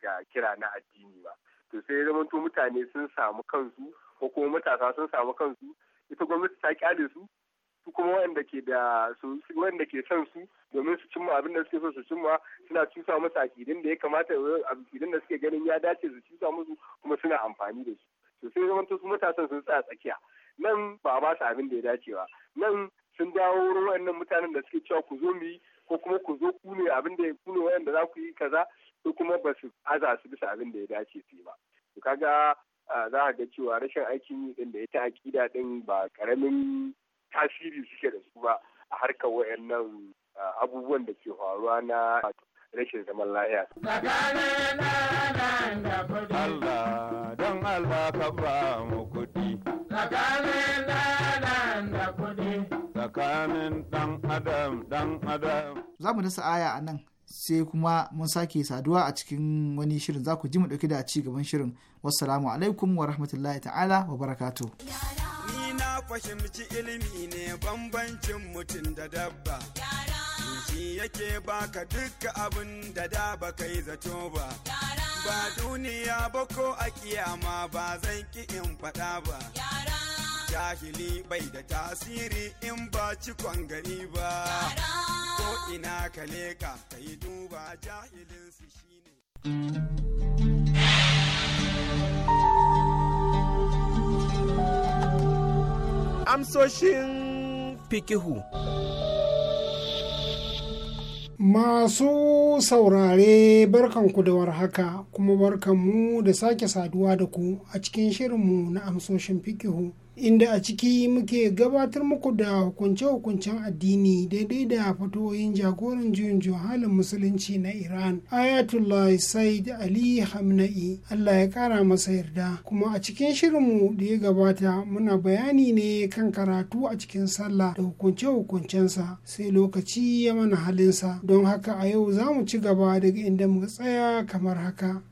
ga kira na addini ba to sai zamanto mutane sun samu kansu ko kuma matasa sun samu kansu ita gwamnati ta kyale su su kuma wanda ke da su wanda ke son su domin su cimma abin da suke so su cimma suna cusa musu akidin da ya kamata akidin da suke ganin ya dace su cusa musu kuma suna amfani da su to sai zamanto su matasan sun tsaya tsakiya nan ba a ba su abin da ya dace ba nan sun dawo wurin wayannan mutanen da suke cewa ku zo mu yi ko kuma ku zo ku ne abin da ya kuno waɗanda za ku yi kaza su kuma ba su aza su bisa abin da ya dace su yi ba to kaga za a ga cewa rashin aikin yi din da ta aƙida din ba karamin tasiri suke da su ba a harkar wayannan abubuwan da ke faruwa na rashin zaman lahiya. Allah don Allah ka ba mu Tsakanin ɗan adam ɗan adam. Za mu dasa aya a nan sai kuma mun sake saduwa a cikin wani shirin za ku ji mu dauki da ci gaban shirin wassalamu alaikum wa rahmatullahi ta'ala wa barakatu ni fahimci ilimi ne bambancin mutum da dabba shi yake baka dukkan abin da da baka yi zato ba ba duniya ba ko a kiyama ba zan ki in faɗa ba jahili bai da tasiri in ba cikon gani ba ko ina ka leka ka yi duba jahilin su shine amsoshin fikihu Masu saurare barkanku da warhaka kuma barkanmu da sake saduwa da ku a cikin shirinmu na amsoshin fikihu. inda a ciki muke gabatar muku da hukunce-hukuncen addini daidai da fatoyin jagoran juyin halin musulunci na iran ayatollah said ali hamna'i allah ya kara masa yarda kuma a cikin shirinmu da ya gabata muna bayani ne kan karatu a cikin sallah da hukunce-hukuncensa sai lokaci ya mana halinsa don haka a yau za mu ci gaba daga inda muka tsaya kamar haka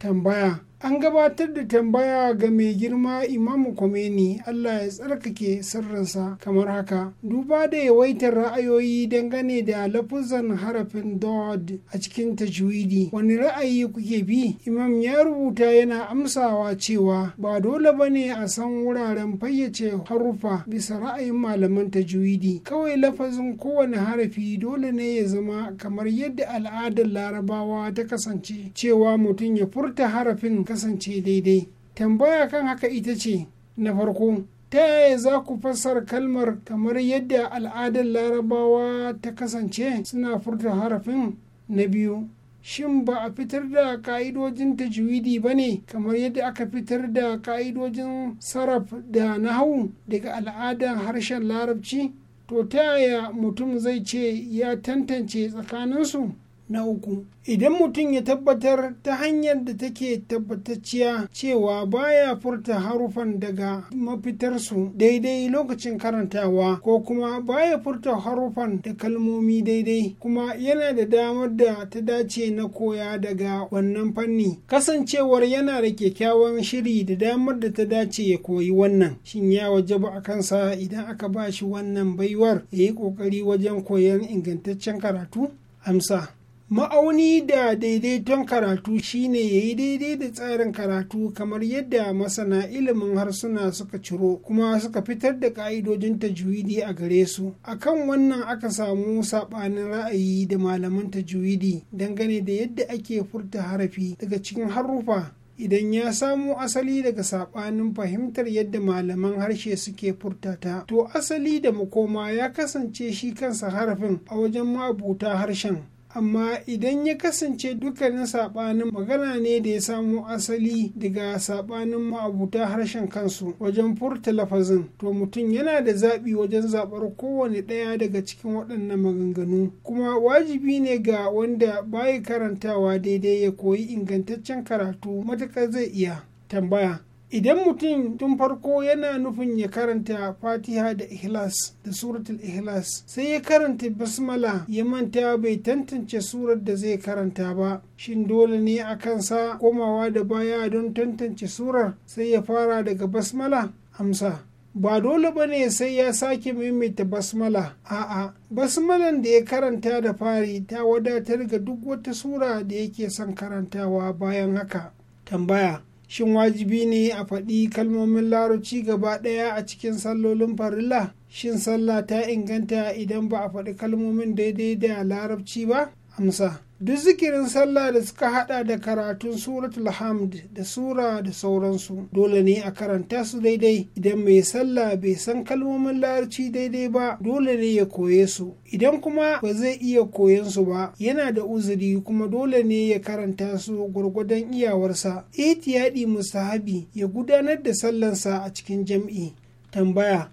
干嘛呀？an gabatar da tambaya ga mai girma Imam Khomeini Allah ya tsarkake sirrinsa kamar haka duba da yawaitar ra'ayoyi dangane da lafuzan harafin dod a cikin tajwidi wani ra'ayi kuke bi imam ya rubuta yana amsawa cewa ba dole ba ne a san wuraren fayyace harufa bisa ra'ayin malaman tajwidi kawai lafazin kowane harafi dole ne ya zama kamar yadda al'adar larabawa ta kasance cewa mutum ya furta harafin kasance daidai tambaya kan haka ita ce na farko ta yaya za ku fassar kalmar kamar yadda al'adar larabawa ta kasance suna furta harafin na biyu shin ba a fitar da ka'idojin tajwidi ba ne kamar yadda aka fitar da ka'idojin sarraf da nahu daga al'adar harshen larabci to ta yaya mutum zai ce ya tantance tsakaninsu Na uku, idan mutum ya tabbatar ta hanyar da take tabbatacciya cewa baya furta harufan daga mafitarsu daidai lokacin karantawa ko kuma baya furta harufan da kalmomi daidai kuma yana da damar da ta dace na koya daga wannan fanni. Kasancewar yana da kyakkyawan shiri da damar da ta dace ya koyi wannan. Shin ya waje ba a kansa idan aka ba shi wannan baiwar ya yi ƙoƙari wajen koyon ingantaccen karatu? Amsa. ma'auni da daidaiton karatu shine ya yi daidai da tsarin karatu kamar yadda masana ilimin harsuna suka ciro kuma suka fitar da ka'idojin tajwidi a gare su akan wannan aka samu saɓanin ra'ayi da malaman tajwidi dangane da yadda ake furta harafi daga cikin harufa idan ya samu asali daga saɓanin fahimtar yadda malaman harshe suke furtata to asali da makoma ya kasance shi kansa harafin a wajen mabuta harshen amma idan ya kasance dukkanin saɓanin magana ne da ya samo asali daga saɓanin ma'abuta harshen kansu wajen furta lafazin to mutum yana da zaɓi wajen zaɓar kowane ɗaya daga cikin waɗannan maganganu kuma wajibi ne ga wanda bayi karantawa daidai ya koyi ingantaccen karatu matuƙar zai iya tambaya idan mutum tun farko yana nufin ya karanta fatiha da ikhlas da suratul ikhlas sai ya karanta basmala ya manta bai tantance surar da zai karanta ba shin dole ne a sa komawa da baya don tantance surar sai ya fara daga basmala amsa ba dole ba ne sai ya sake maimaita basmala a'a basmalan da ya karanta da fari ta wadatar ga duk wata sura da yake son karantawa bayan haka tambaya shin wajibi ne a faɗi kalmomin larabci gaba ɗaya a cikin sallolin farilla shin sallah ta inganta idan ba a faɗi kalmomin daidai da larabci ba amsa duk zikirin sallah da suka hada da karatun suratul hamd da sura da sauransu dole ne a karanta su daidai idan mai sallah bai san kalmomin larci daidai ba dole ne ya koye su idan kuma ba zai iya koyan su ba yana da uzuri kuma dole ne ya karanta su gwargwadon iyawarsa ihtiyadi mustahabi ya gudanar da sallansa a cikin jam'i tambaya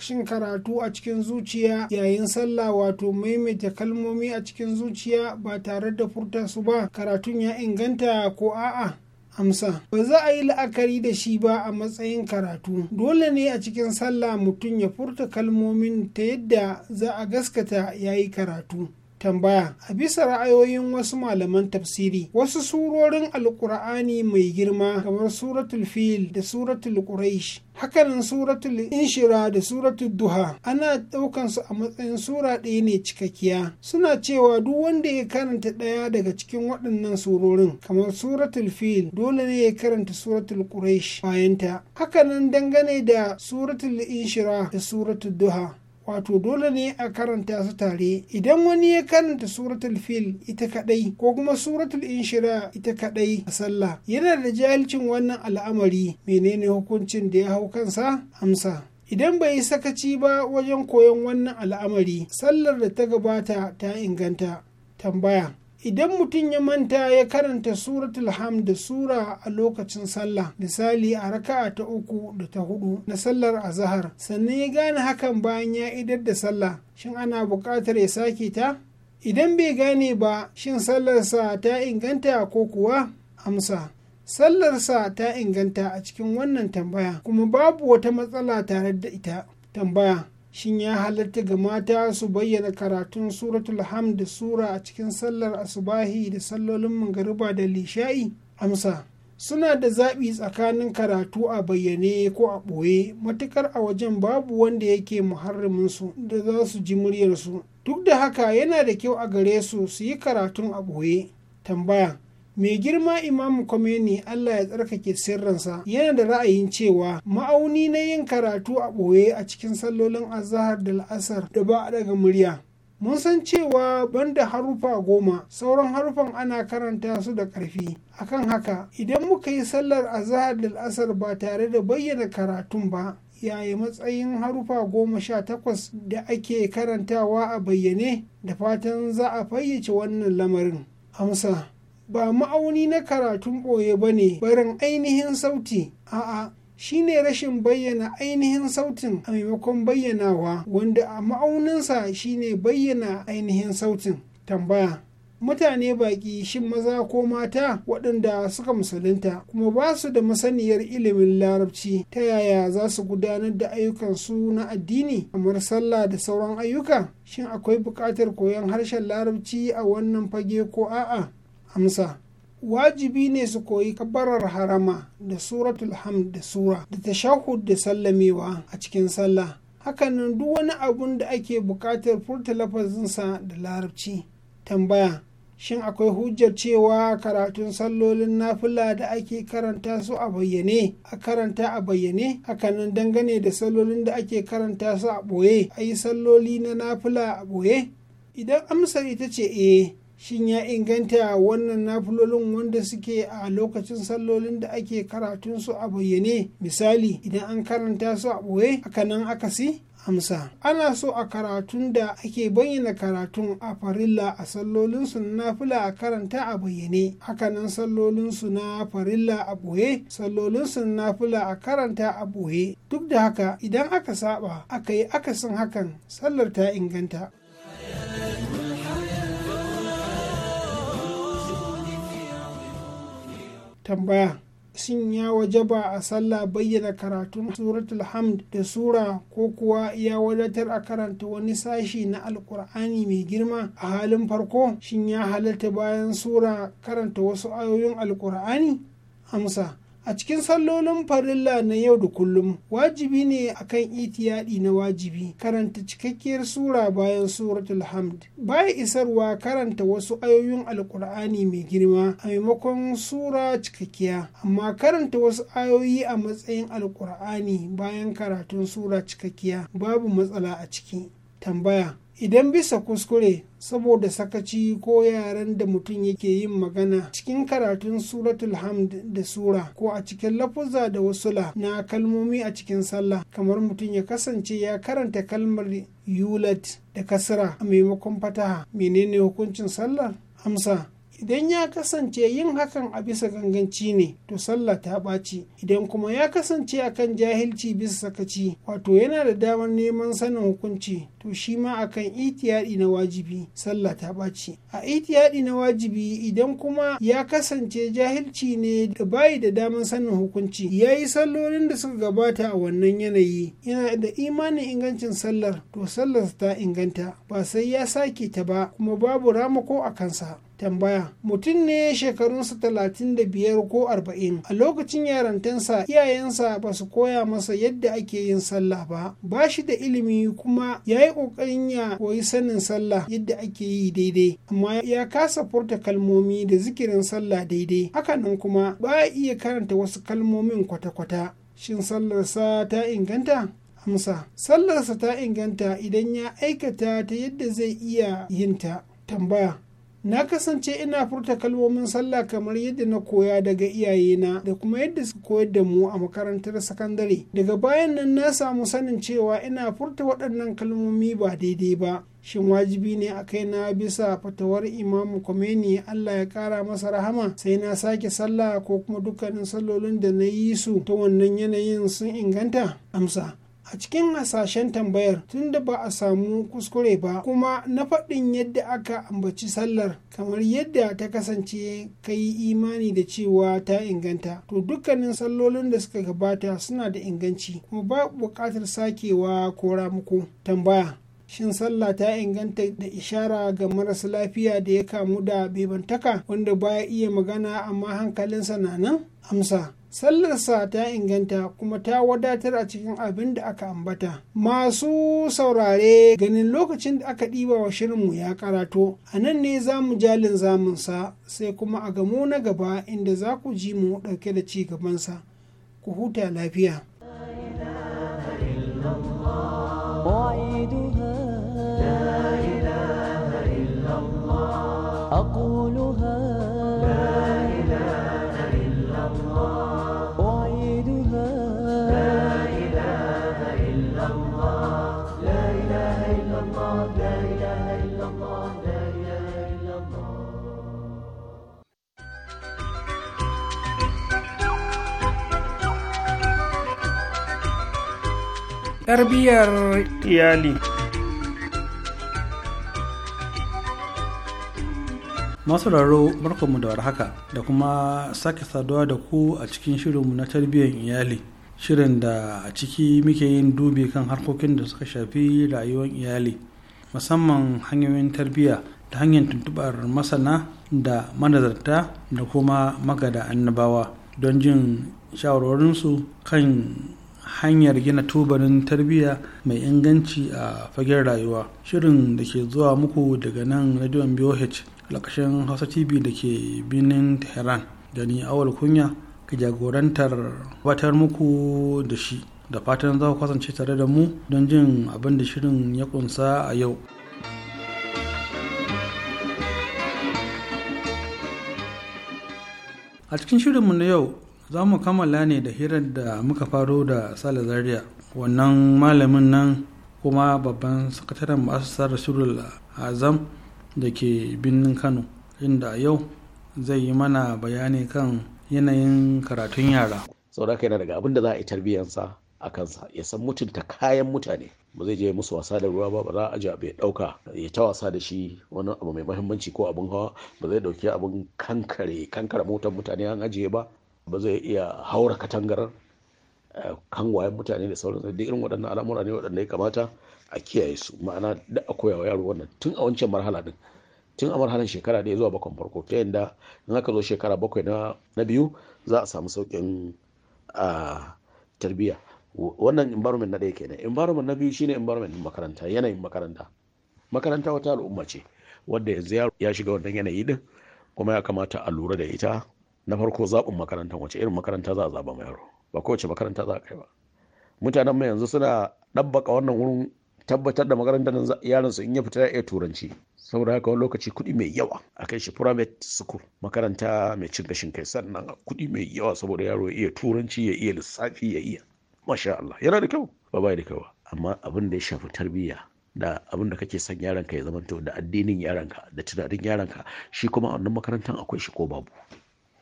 shin karatu a cikin zuciya yayin sallah wato maimaita kalmomi a cikin zuciya ba tare da furta su ba karatun ya inganta ko a'a amsa ba za a yi la'akari da shi ba a matsayin karatu dole ne a cikin sallah mutum ya furta kalmomin ta yadda za a gaskata ya yi karatu tambaya a bisa ra'ayoyin wasu malaman tafsiri wasu surorin alkur'ani mai girma kamar suratul fil da suratul quraish hakanan suratul inshira da suratul duha ana ɗaukan su a matsayin sura ɗaya ne cikakkiya suna cewa duk wanda ya karanta ɗaya daga cikin waɗannan surorin kamar suratul fil dole ne ya karanta suratul quraish bayanta hakanan dangane da suratul inshira da suratul duha wato dole ne a karanta su tare idan wani ya karanta suratul fil ita kadai ko kuma suratul inshira ita kadai a sallah yana da jahilcin wannan al'amari menene hukuncin da ya hau kansa amsa idan bai yi sakaci ba wajen koyon wannan al'amari sallar da ta gabata ta inganta tambaya idan mutum ya manta ya karanta suratul ham da sura a lokacin sallah misali a raka'a ta uku da ta hudu na sallar azahar sannan ya gane hakan bayan ya idar da sallah shin ana buƙatar ya sake ta idan bai gane ba shin sallarsa ta inganta ko kuwa amsa sallarsa ta inganta a cikin wannan tambaya kuma babu wata matsala tare da ita tambaya shin ya halatta ga mata su bayyana karatun suratul hamd sura a cikin sallar asubahi da sallolin mangariba da lishai amsa suna da zaɓi tsakanin karatu a bayyane ko a ɓoye matukar a wajen babu wanda yake su da za su ji muryarsu duk da haka yana da kyau a gare su su yi karatun a ɓoye tambaya mai girma imam Komeni Allah ya tsarkake sirrinsa yana da ra'ayin cewa ma'auni na yin karatu a ɓoye a cikin sallolin azahar da la'asar da ba a daga murya mun san cewa banda harufa goma sauran harufan ana karanta su da ƙarfi akan haka idan muka yi sallar azahar da la'asar ba tare da bayyana karatun ba yaya matsayin harufa goma sha takwas da ake karantawa a bayyane da fatan za a fayyace wannan lamarin amsa ba ma'auni na karatun ɓoye ba ne barin ainihin sauti a'a shi ne rashin bayyana ainihin sautin a maimakon bayyanawa wanda a ma'auninsa shi ne bayyana ainihin sautin tambaya mutane baƙi shin maza ko mata waɗanda suka musulunta kuma ba su da masaniyar ilimin larabci ta yaya za su gudanar da ayyukansu na addini kamar sallah da sauran ayyuka shin akwai buƙatar koyon harshen larabci a wannan fage ko a'a amsa wajibi ne su koyi kabarar harama da suratul hamd da sura da tashahud da sallamewa a cikin sallah hakanan duk wani abun da ake buƙatar furta lafazinsa da larabci tambaya shin akwai hujjar cewa karatun sallolin nafila da ake karanta su a bayyane a karanta a bayyane hakanan dangane da sallolin da ake karanta su a ɓoye a yi salloli na nafila a boye idan amsar ita ce eh shin ya inganta wannan nafilolin wanda suke a lokacin sallolin da ake karatun su a bayyane misali idan an karanta su a ɓoye aka nan akasi amsa ana so a karatun da ake bayyana karatun a farilla a sallolinsu na nafila a karanta a bayyane hakanan sallolinsu na farilla a ɓoye sallolinsu na nafila a karanta a ɓoye duk da haka idan aka saba aka yi akasin hakan sallar ta inganta tambaya shin ya wajaba a sallah bayyana karatun suratul hamd da sura ko kuwa ya wadatar a karanta wani sashi na alkur'ani mai girma a halin farko shin ya halatta bayan sura karanta wasu ayoyin alkur'ani amsa a cikin sallolin farilla na yau da kullum wajibi ne akan itiyadi na wajibi karanta cikakkiyar sura bayan suratul hamd baya isarwa karanta wasu ayoyin alkur'ani mai girma a maimakon sura cikakkiya amma karanta wasu ayoyi a matsayin alkur'ani bayan karatun sura cikakkiya babu matsala a ciki tambaya idan bisa kuskure saboda sakaci ko yaren da mutum yake yin magana cikin karatun suratul hamd da sura ko a cikin lafuza da wasula na kalmomi a cikin sallah kamar mutum ya kasance ya karanta kalmar yulat da kasra a maimakon fataha menene hukuncin sallar amsa idan ya kasance yin hakan a bisa ganganci ne to sallah ta ɓaci idan kuma ya kasance akan jahilci bisa sakaci wato yana da damar neman sanin hukunci to shi ma akan itiyadi na wajibi sallah ta ɓaci a itiyadi na wajibi idan kuma ya kasance jahilci ne da bayi da damar sanin hukunci ya yi sallolin da suka gabata a wannan yanayi yana da imanin ingancin sallar to sallar ta inganta ba sai ya sake ta ba kuma babu ramako a kansa tambaya mutum ne shekarunsa talatin da biyar ko arba'in a lokacin yarantansa iyayensa ba su koya masa yadda ake yin sallah ba ba shi da ilimi kuma ya yi ƙoƙarin ya koyi sanin sallah yadda ake yi daidai amma ya kasa furta kalmomi da zikirin sallah daidai hakanan kuma ba iya karanta wasu kalmomin kwata-kwata shin sallarsa ta inganta amsa sallarsa ta inganta idan ya aikata ta yadda zai iya yinta tambaya na kasance ina furta kalmomin sallah kamar yadda na koya daga iyayena da kuma yadda suka koyar da mu a makarantar sakandare daga bayan nan na samu sanin cewa ina furta waɗannan kalmomi ba daidai ba shin wajibi ne a kai na bisa fatawar imamu kwameni Allah ya kara masa rahama sai na sake sallah ko kuma dukkanin sallolin da na yi su ta wannan yanayin sun inganta amsa a cikin hasashen tambayar tunda ba a samu kuskure ba kuma na faɗin yadda aka ambaci sallar kamar yadda ta kasance ka yi imani da cewa ta inganta to dukkanin sallolin da suka gabata suna da inganci kuma ba buƙatar sakewa ko ramuko tambaya shin sallah ta inganta da ishara ga marasa lafiya da ya kamu da bebantaka wanda baya iya magana amma hankalinsa na nan amsa sallarsa ta inganta kuma ta wadatar a cikin abin da aka ambata masu saurare ganin lokacin da aka ɗiba wa shirinmu ya karato a nan ne za mu jalin zamunsa sai kuma a gamo na gaba inda za ku ji mu ɗauke da ci gabansa ku huta lafiya tarbiyyar iyali masu raro barkanmu da warhaka da kuma sake saduwa da ku a cikin shirinmu na tarbiyyar iyali shirin da a ciki muke yin dubi kan harkokin da suka shafi rayuwar iyali musamman hanyoyin tarbiyya ta hanyar tuntubar masana da manazarta da kuma magada annabawa don jin shawarwarinsu kan hanyar gina tubalin tarbiyya mai inganci a fagen rayuwa shirin da ke zuwa muku daga nan radiyon boh lakashin hausa tv da ke binin tehran da ni awal kunya ka jagorantar batar muku da shi da fatan za ku kasance tare da mu don jin abin da shirin ya kunsa a yau a cikin shirinmu na yau za mu kammala ne da hirar da muka faro da sale zaria wannan malamin nan kuma babban sakataren masasar shirul azam da ke birnin kano inda yau zai yi mana bayani kan yanayin karatun yara sauraka yana daga abin da za a yi tarbiyyansa a kansa ya san mutunta kayan mutane ba zai je musu wasa da ruwa ba ba za a abu ya dauka ya ta wasa da shi wani abu mai mahimmanci ko abin hawa ba zai dauki abin kankare kankare motar mutane an ajiye ba ba zai iya haura katangar eh, kanwayen mutane da sauran da irin waɗannan al'amura ne waɗanda ya kamata a kiyaye su ma'ana da a koyawa yaro wannan tun a wancan marhala din tun a marhalan shekara ya zuwa bakon farko ta yadda in aka zo shekara bakwai na biyu za a samu sauƙin tarbiyya wannan environment na ɗaya kenan environment na biyu shine environment makaranta yanayin makaranta makaranta wata al'umma ce wadda yanzu ya shiga wannan yanayi din kuma ya kamata a lura da ita na farko zaɓin makarantar wace irin makaranta za a zaɓa ma yaro ba kowace makaranta za a kai ba mutanen mai yanzu suna ɗabbaka wannan wurin tabbatar da makarantar nan yaron su in ya fita ya turanci saboda haka wani lokaci kuɗi mai yawa a kai shi primate school makaranta mai cin gashin kai sannan kuɗi mai yawa saboda yaro ya iya turanci ya iya lissafi ya iya masha Allah yana da kyau ba bai da kyau amma abin da ya shafi tarbiyya da abin da kake son ka ya zamanto da addinin yaranka da tunanin ka, shi kuma a wannan makarantar akwai shi ko babu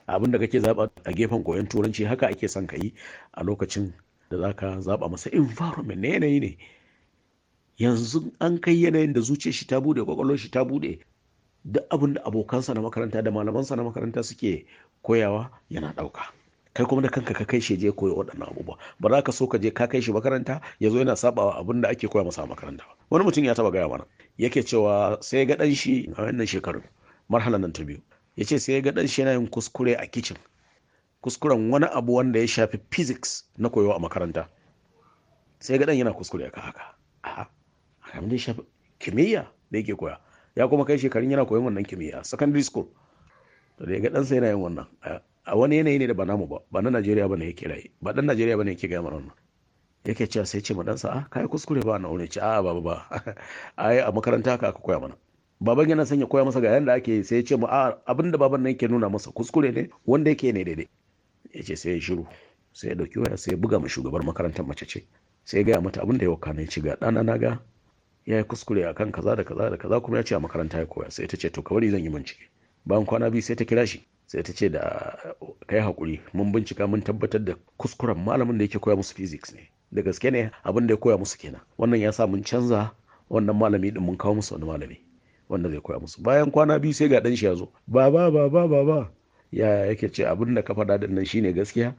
abin da kake zaba a gefen koyon turanci haka ake son ka yi a lokacin da za ka zaba masa environment na yanayi ne yanzu an kai yanayin da zuciyar shi ta bude kwakwalwar shi ta bude duk abin da abokansa na makaranta da malamansa na makaranta suke koyawa yana ɗauka kai kuma da kanka ka kai shi je koyo waɗannan abubuwa ba za ka so ka je ka kai shi makaranta ya zo yana sabawa abin da ake koya masa a makaranta ba wani mutum ya taba gaya mana yake cewa sai ga ɗan shi a wannan shekarun marhalan nan ta biyu ya ce sai ya ga ɗanshi yana yin kuskure a kicin kuskuren wani abu wanda ya shafi physics na koyo a makaranta sai ga ɗan yana kuskure a haka a kamar da ya shafi kimiyya da yake koya ya kuma kai shekarun yana koyon wannan kimiyya secondary school to da ya ga ɗansa yana yin wannan a wani yanayi ne da ba namu ba ba na najeriya ba ne yake rayu ba ɗan najeriya ba ne yake gaya mana Ya yake cewa sai ce ma ɗansa a ah, kai kuskure ba na wani ce a ba ba ba a a makaranta ka aka koya mana baban yana sanya koya masa ga yadda ake sai ya ce mu a abinda baban nan ke nuna masa kuskure ne wanda yake ne daidai ya ce sai ya shiru sai ya dauki waya sai ya buga mai shugabar makarantar mace ce sai ya gaya mata abinda ya wakana ya ce ga ɗana na ga ya yi kuskure a kan kaza da kaza da kaza kuma ya ce a makaranta ya koya sai ta ce to kawai zan yi bincike bayan kwana biyu sai ta kira shi sai ta ce da kai hakuri mun bincika mun tabbatar da kuskuren malamin da yake koya musu physics ne da gaske ne abin da ya koya musu kenan wannan ya sa mun canza wannan malami din mun kawo musu wani malami wanda zai koya musu bayan kwana biyu sai ga dan shi ya zo baba baba baba ya yake ce abin da ka faɗa din nan shine gaskiya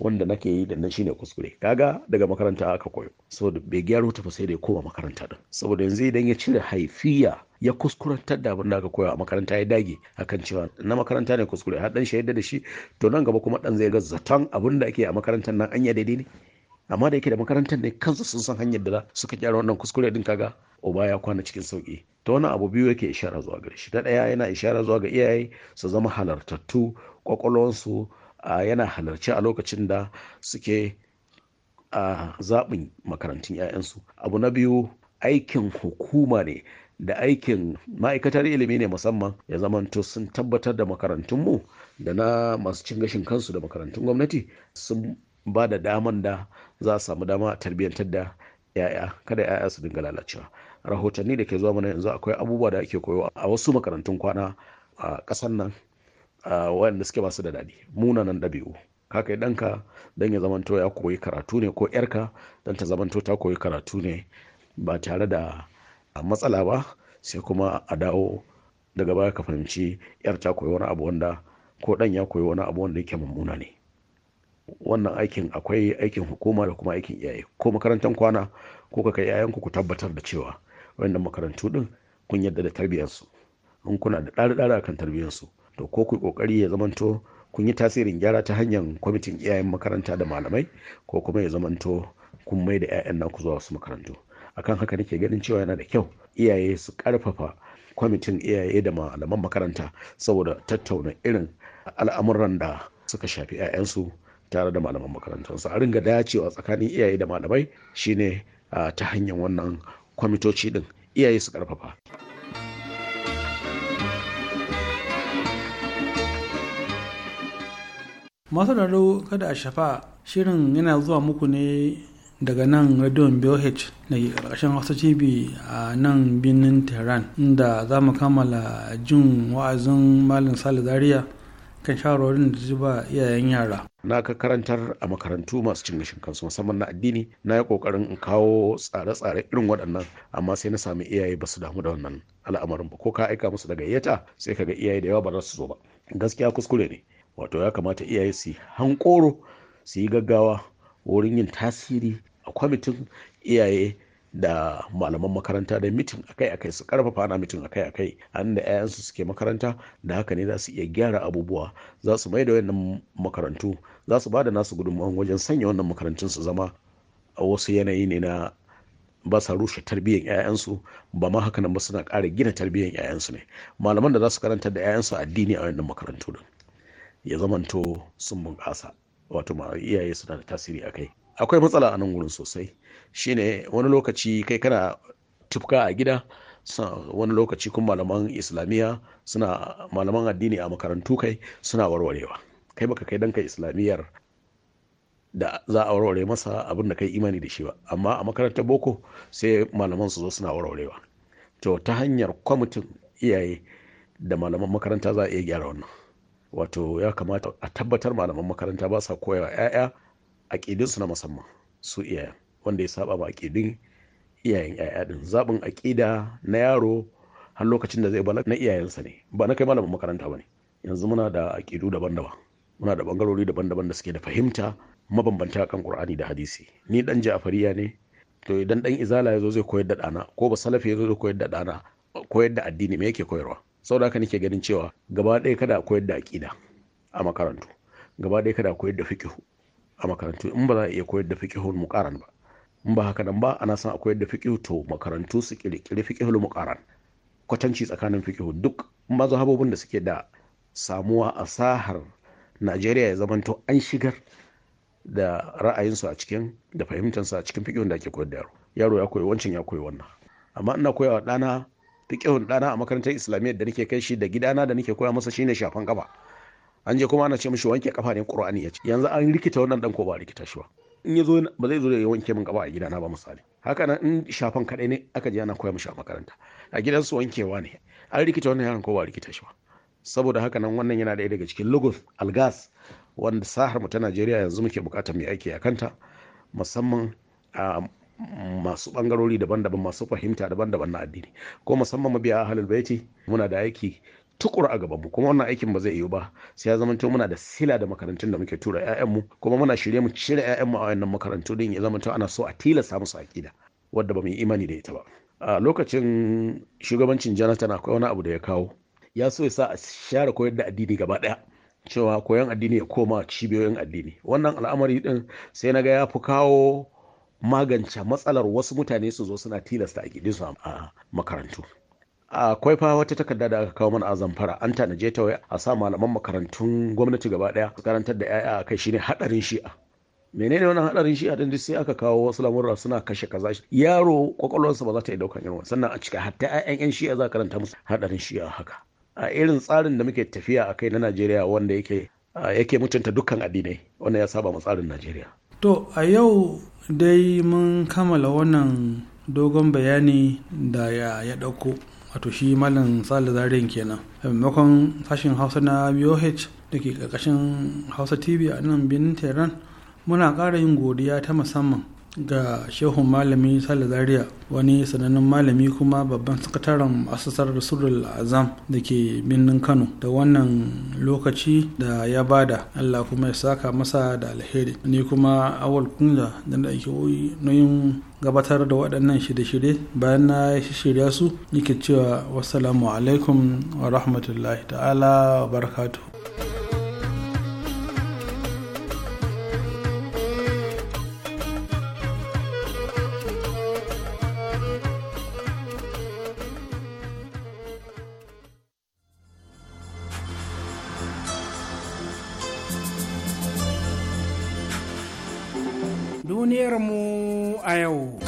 wanda nake yi da nan shine kuskure kaga daga makaranta aka koyo saboda bai gyaro ta sai da ya koma makaranta din saboda yanzu idan ya cire haifiya ya kuskurantar da abin da aka koya a makaranta ya dage akan cewa na makaranta ne kuskure har dan yadda da shi to nan gaba kuma dan zai ga zaton abin da ake a makarantar nan an ya daidai ne amma da yake da makarantar ne kansu sun san hanyar da suka gyara wannan kuskure din kaga oba ya kwana cikin sauki ta wani abu biyu yake ishara zuwa gare shi ta ɗaya yana ishara zuwa ga iyaye su zama halartattu kwakwalwansu yana halarci a lokacin da suke a zaɓin makarantun 'ya'yansu abu na biyu aikin hukuma ne da aikin ma'aikatar ilimi ne musamman ya zamanto sun tabbatar da makarantunmu da na masu cin gashin kansu da makarantun gwamnati sun ba da daman da za a samu dama a tarbiyyantar da 'ya'ya kada 'ya'ya su dinga lalacewa rahotanni da ke zuwa mana yanzu akwai abubuwa da ake koyo a wasu makarantun kwana a ƙasar nan wayanda suke basu da daɗi munanan ɗabi'u haka ɗanka don ya zamanto ya koyi karatu ne ko 'yarka don ta zamanto ta koyi karatu ne ba tare da matsala ba sai kuma a dawo daga baya ka fahimci 'yar ta koyi wani abu wanda ko ɗan ya koyi wani abu wanda yake mummuna ne wannan aikin akwai aikin hukuma da kuma aikin iyaye ko makarantar kwana ko ka kai yayanku ku tabbatar da cewa wannan makarantu din kun yadda da tarbiyyarsu in kuna da ɗari-ɗari akan tarbiyyarsu to ko ku kokari ya zamanto kun yi tasirin gyara ta hanyar kwamitin iyayen makaranta da malamai ko kuma ya zamanto kun mai da 'ya'yan naku zuwa wasu makarantu akan haka nake ganin cewa yana da kyau iyaye su karfafa kwamitin iyaye da malaman makaranta saboda tattauna irin al'amuran da suka shafi 'ya'yansu tare da malaman makarantarsa a ringa dacewa tsakanin iyaye da malamai shine ta hanyar wannan kwamitoci din iyaye su karfafa masu raro kada a shafa shirin yana zuwa muku ne daga nan radion boh da ke karkashin wasu cibi a nan birnin tehran inda za mu kammala jin wa'azin malin sale zaria kan shawarorin da ji iyayen yara na ka karantar a makarantu masu cin gashin kansu musamman na addini na yi kokarin in kawo tsare-tsare irin waɗannan amma sai na sami iyaye ba su damu da wannan al'amarin ba ko ka aika musu da gayyata sai ka ga iyaye da yawa ba za su zo ba gaskiya kuskure ne wato ya kamata iyaye su hankoro su yi gaggawa wurin yin tasiri a kwamitin iyaye da malaman makaranta da mitin akai-akai su karfafa ana mitin akai-akai an da 'ya'yansu suke makaranta da haka ne za su iya gyara abubuwa za su mai da wayannan makarantu za su ba da nasu gudunmawan wajen sanya wannan makarantun su zama a wasu yanayi ne na ba sa rushe tarbiyyar 'ya'yansu ba ma haka nan ba suna ƙara gina tarbiyyar 'ya'yansu ne malaman da za su karanta da 'ya'yansu addini a wannan makarantu din ya zamanto sun bunƙasa wato ma iyaye suna da tasiri a kai akwai matsala a nan wurin sosai shine wani lokaci kai kana tufka a gida wani lokaci kuma malaman islamiyya suna malaman addini a makarantu kai suna warwarewa kai baka kai danka islamiyyar da za a warware masa abin da kai imani da shi ba amma a makarantar boko sai malaman su zo suna warwarewa to ta hanyar kwamitin iyaye da malaman makaranta za a iya gyara wannan wato ya kamata a tabbatar malaman makaranta ba sa koyawa 'ya'ya a su na musamman su iyaye. wanda ya saba ba kidin iyayen 'ya'ya din zaɓin aƙida na yaro har lokacin da zai bala na iyayensa ne ba na kai malaman makaranta ba ne yanzu muna da akidu daban-daban muna da bangarori daban-daban da suke da fahimta mabambanta kan qur'ani da hadisi ni dan ja'fariya ne to idan dan izala ya zo zai koyar da ɗana ko ba salafi ya zo zai koyar da ɗana koyar da addini me yake koyarwa saboda haka nake ganin cewa gaba ɗaya kada a koyar da aqida a makarantu gaba ɗaya kada a koyar da fiqh a makarantu in ba za a iya koyar da fiqhul muqaran ba in ba haka nan ba ana son a koyar da fiqh to makarantu su kirkiri fiqhul muqaran kwatanci tsakanin fiqh duk habobin da suke da samuwa a sahar najeriya ya zamanto an shigar da ra'ayinsu a cikin da fahimtansa a cikin fikiyon da ake koyar da yaro yaro ya koyi wancan ya koyi wannan amma ina koyawa ɗana fikiyon ɗana a makarantar islamiyyar da nake kai shi da gidana da nake koya masa shine shafan kafa an je kuma ana ce mishi wanke kafa ne qur'ani ya ce yanzu an rikita wannan dan ko ba rikita shi ba in ya zo ba zai zo ya wanke min kafa a gidana ba misali haka nan in shafan kadai ne aka je ana koya mishi a makaranta a gidansu wankewa ne an rikita wannan yaron ko ba rikita shi ba saboda haka nan wannan yana ɗaya daga cikin lagos algas wanda sahar mu ta najeriya yanzu muke bukatar mai aiki a kanta musamman a masu bangarori daban-daban masu fahimta daban-daban na addini ko musamman mabiya a ahlul baiti muna da aiki tukura a gabanmu kuma wannan aikin ba zai yiwu ba sai ya zamanto muna da sila da makarantun da muke tura 'ya'yanmu kuma muna shirye mu cire 'ya'yanmu a wannan makarantu din ya zamanto ana so a tilasta musu aƙida, wadda ba mu yi imani da ita ba a lokacin shugabancin Jonathan akwai wani abu da ya kawo ya so ya sa a share koyar da addini gaba ɗaya cewa koyon addini ya koma cibiyoyin addini wannan al'amari din sai na ga ya fi kawo magance matsalar wasu mutane su zo suna tilasta a su a makarantu akwai fa wata takarda da aka kawo mana a zamfara an tanaje ta waya. a sa malaman makarantun gwamnati gaba daya su karantar da yaya a kai shine hadarin shi'a menene wannan hadarin shi'a din sai aka kawo wasu lamurra suna kashe kaza yaro kwakwalwarsa ba za ta yi daukan irin sannan a cika hatta 'ya'yan yan shi'a za karanta musu hadarin shi'a haka a irin tsarin da muke tafiya a kai na najeriya wanda yake mutunta dukkan addinai wanda ya saba tsarin najeriya to a yau dai mun kammala wannan dogon bayani da ya, ɗauko wato shi malam sale zarin kenan maimakon sashen hausa na boh da ke ƙarƙashin hausa tv a nan birnin tehran muna ƙara yin godiya ta musamman ga shehun malami sale zaria wani sanannen malami kuma babban sakataren asusar rasulul azam da ke birnin kano da wannan lokaci da ya bada allah kuma ya saka masa da alheri ni kuma awal kunza da na ake gabatar da waɗannan shirye-shirye bayan na shirya su nike cewa wasu alaikum wa rahmatullahi ta'ala wa barakatuhu o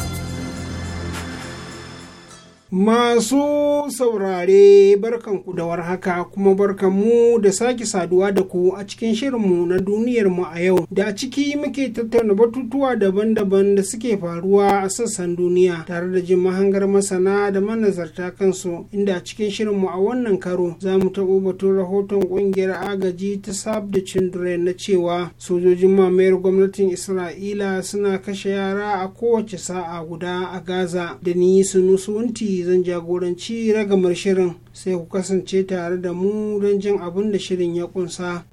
Masu saurare barkanku da warhaka kuma barkanmu da sake saduwa da ku a cikin shirinmu na duniyar mu a yau da a ciki muke tattauna batutuwa daban-daban da suke faruwa a sassan duniya tare da jin mahangar masana da manazarta kansu inda a cikin shirinmu a wannan karo za mu taɓo batun rahoton ƙungiyar agaji ta Save the Children na cewa sojojin mamayar gwamnatin Isra'ila suna kashe yara a kowace sa'a guda a Gaza da ni sunusunti zan jagoranci ragamar shirin sai ku kasance tare da mu don jin abin da shirin ya kunsa.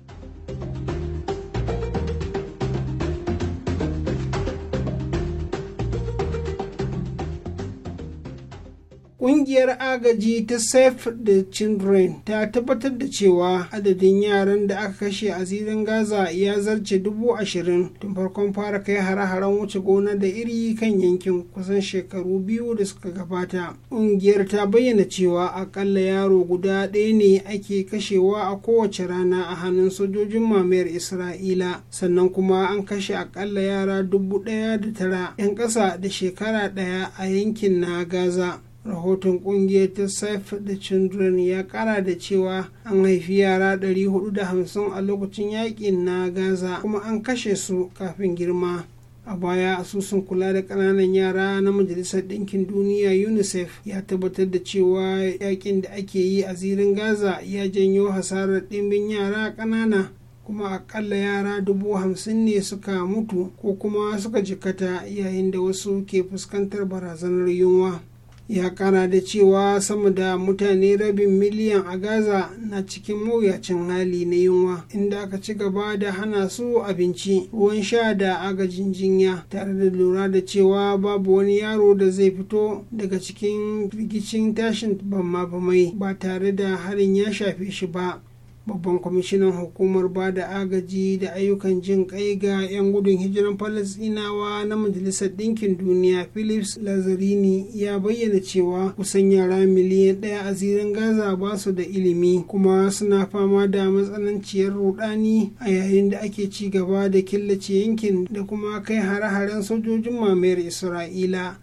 Ƙungiyar agaji ta Save the Children ta tabbatar da cewa adadin yaran da aka kashe a zirin Gaza ya zarce dubu ashirin tun farkon fara kai hare-haren wuce gona da iri kan yankin kusan shekaru biyu da suka gabata. Ƙungiyar ta bayyana cewa akalla yaro guda ɗaya ne ake kashewa a kowace rana a hannun sojojin mamayar Isra'ila sannan kuma an kashe akalla yara dubu ɗaya da tara 'yan ƙasa da shekara ɗaya a yankin na Gaza. rahoton kungiyar ta save the children ya kara da cewa an haifi yara 450 a lokacin yakin na gaza kuma an kashe su kafin girma a baya asusun kula da kananan yara na majalisar ɗinkin duniya unicef ya tabbatar da cewa yakin da ake yi a zirin gaza ya janyo hasarar ɗimbin yara kanana kuma akalla yara dubu hamsin ne suka mutu ko kuma suka jikata yayin da wasu ke fuskantar barazanar yunwa ya kara da cewa sama da mutane rabin miliyan a gaza na cikin mawuyacin hali na yunwa inda aka ci gaba da hana su abinci ruwan sha da agajin jinya tare da lura da cewa babu wani yaro da zai fito daga cikin rigicin tashin mai ba tare da harin ya shafe shi ba babban kwamishinan hukumar ba da agaji da ayyukan jin kai ga 'yan gudun hijiran falasinawa na majalisar ɗinkin duniya philips lazarini ya bayyana cewa kusan yara miliyan ɗaya a zirin gaza ba su da ilimi kuma suna fama da matsananciyar rudani a yayin da ake ci gaba da killace yankin da kuma kai hare-haren sojojin mamayar isra'ila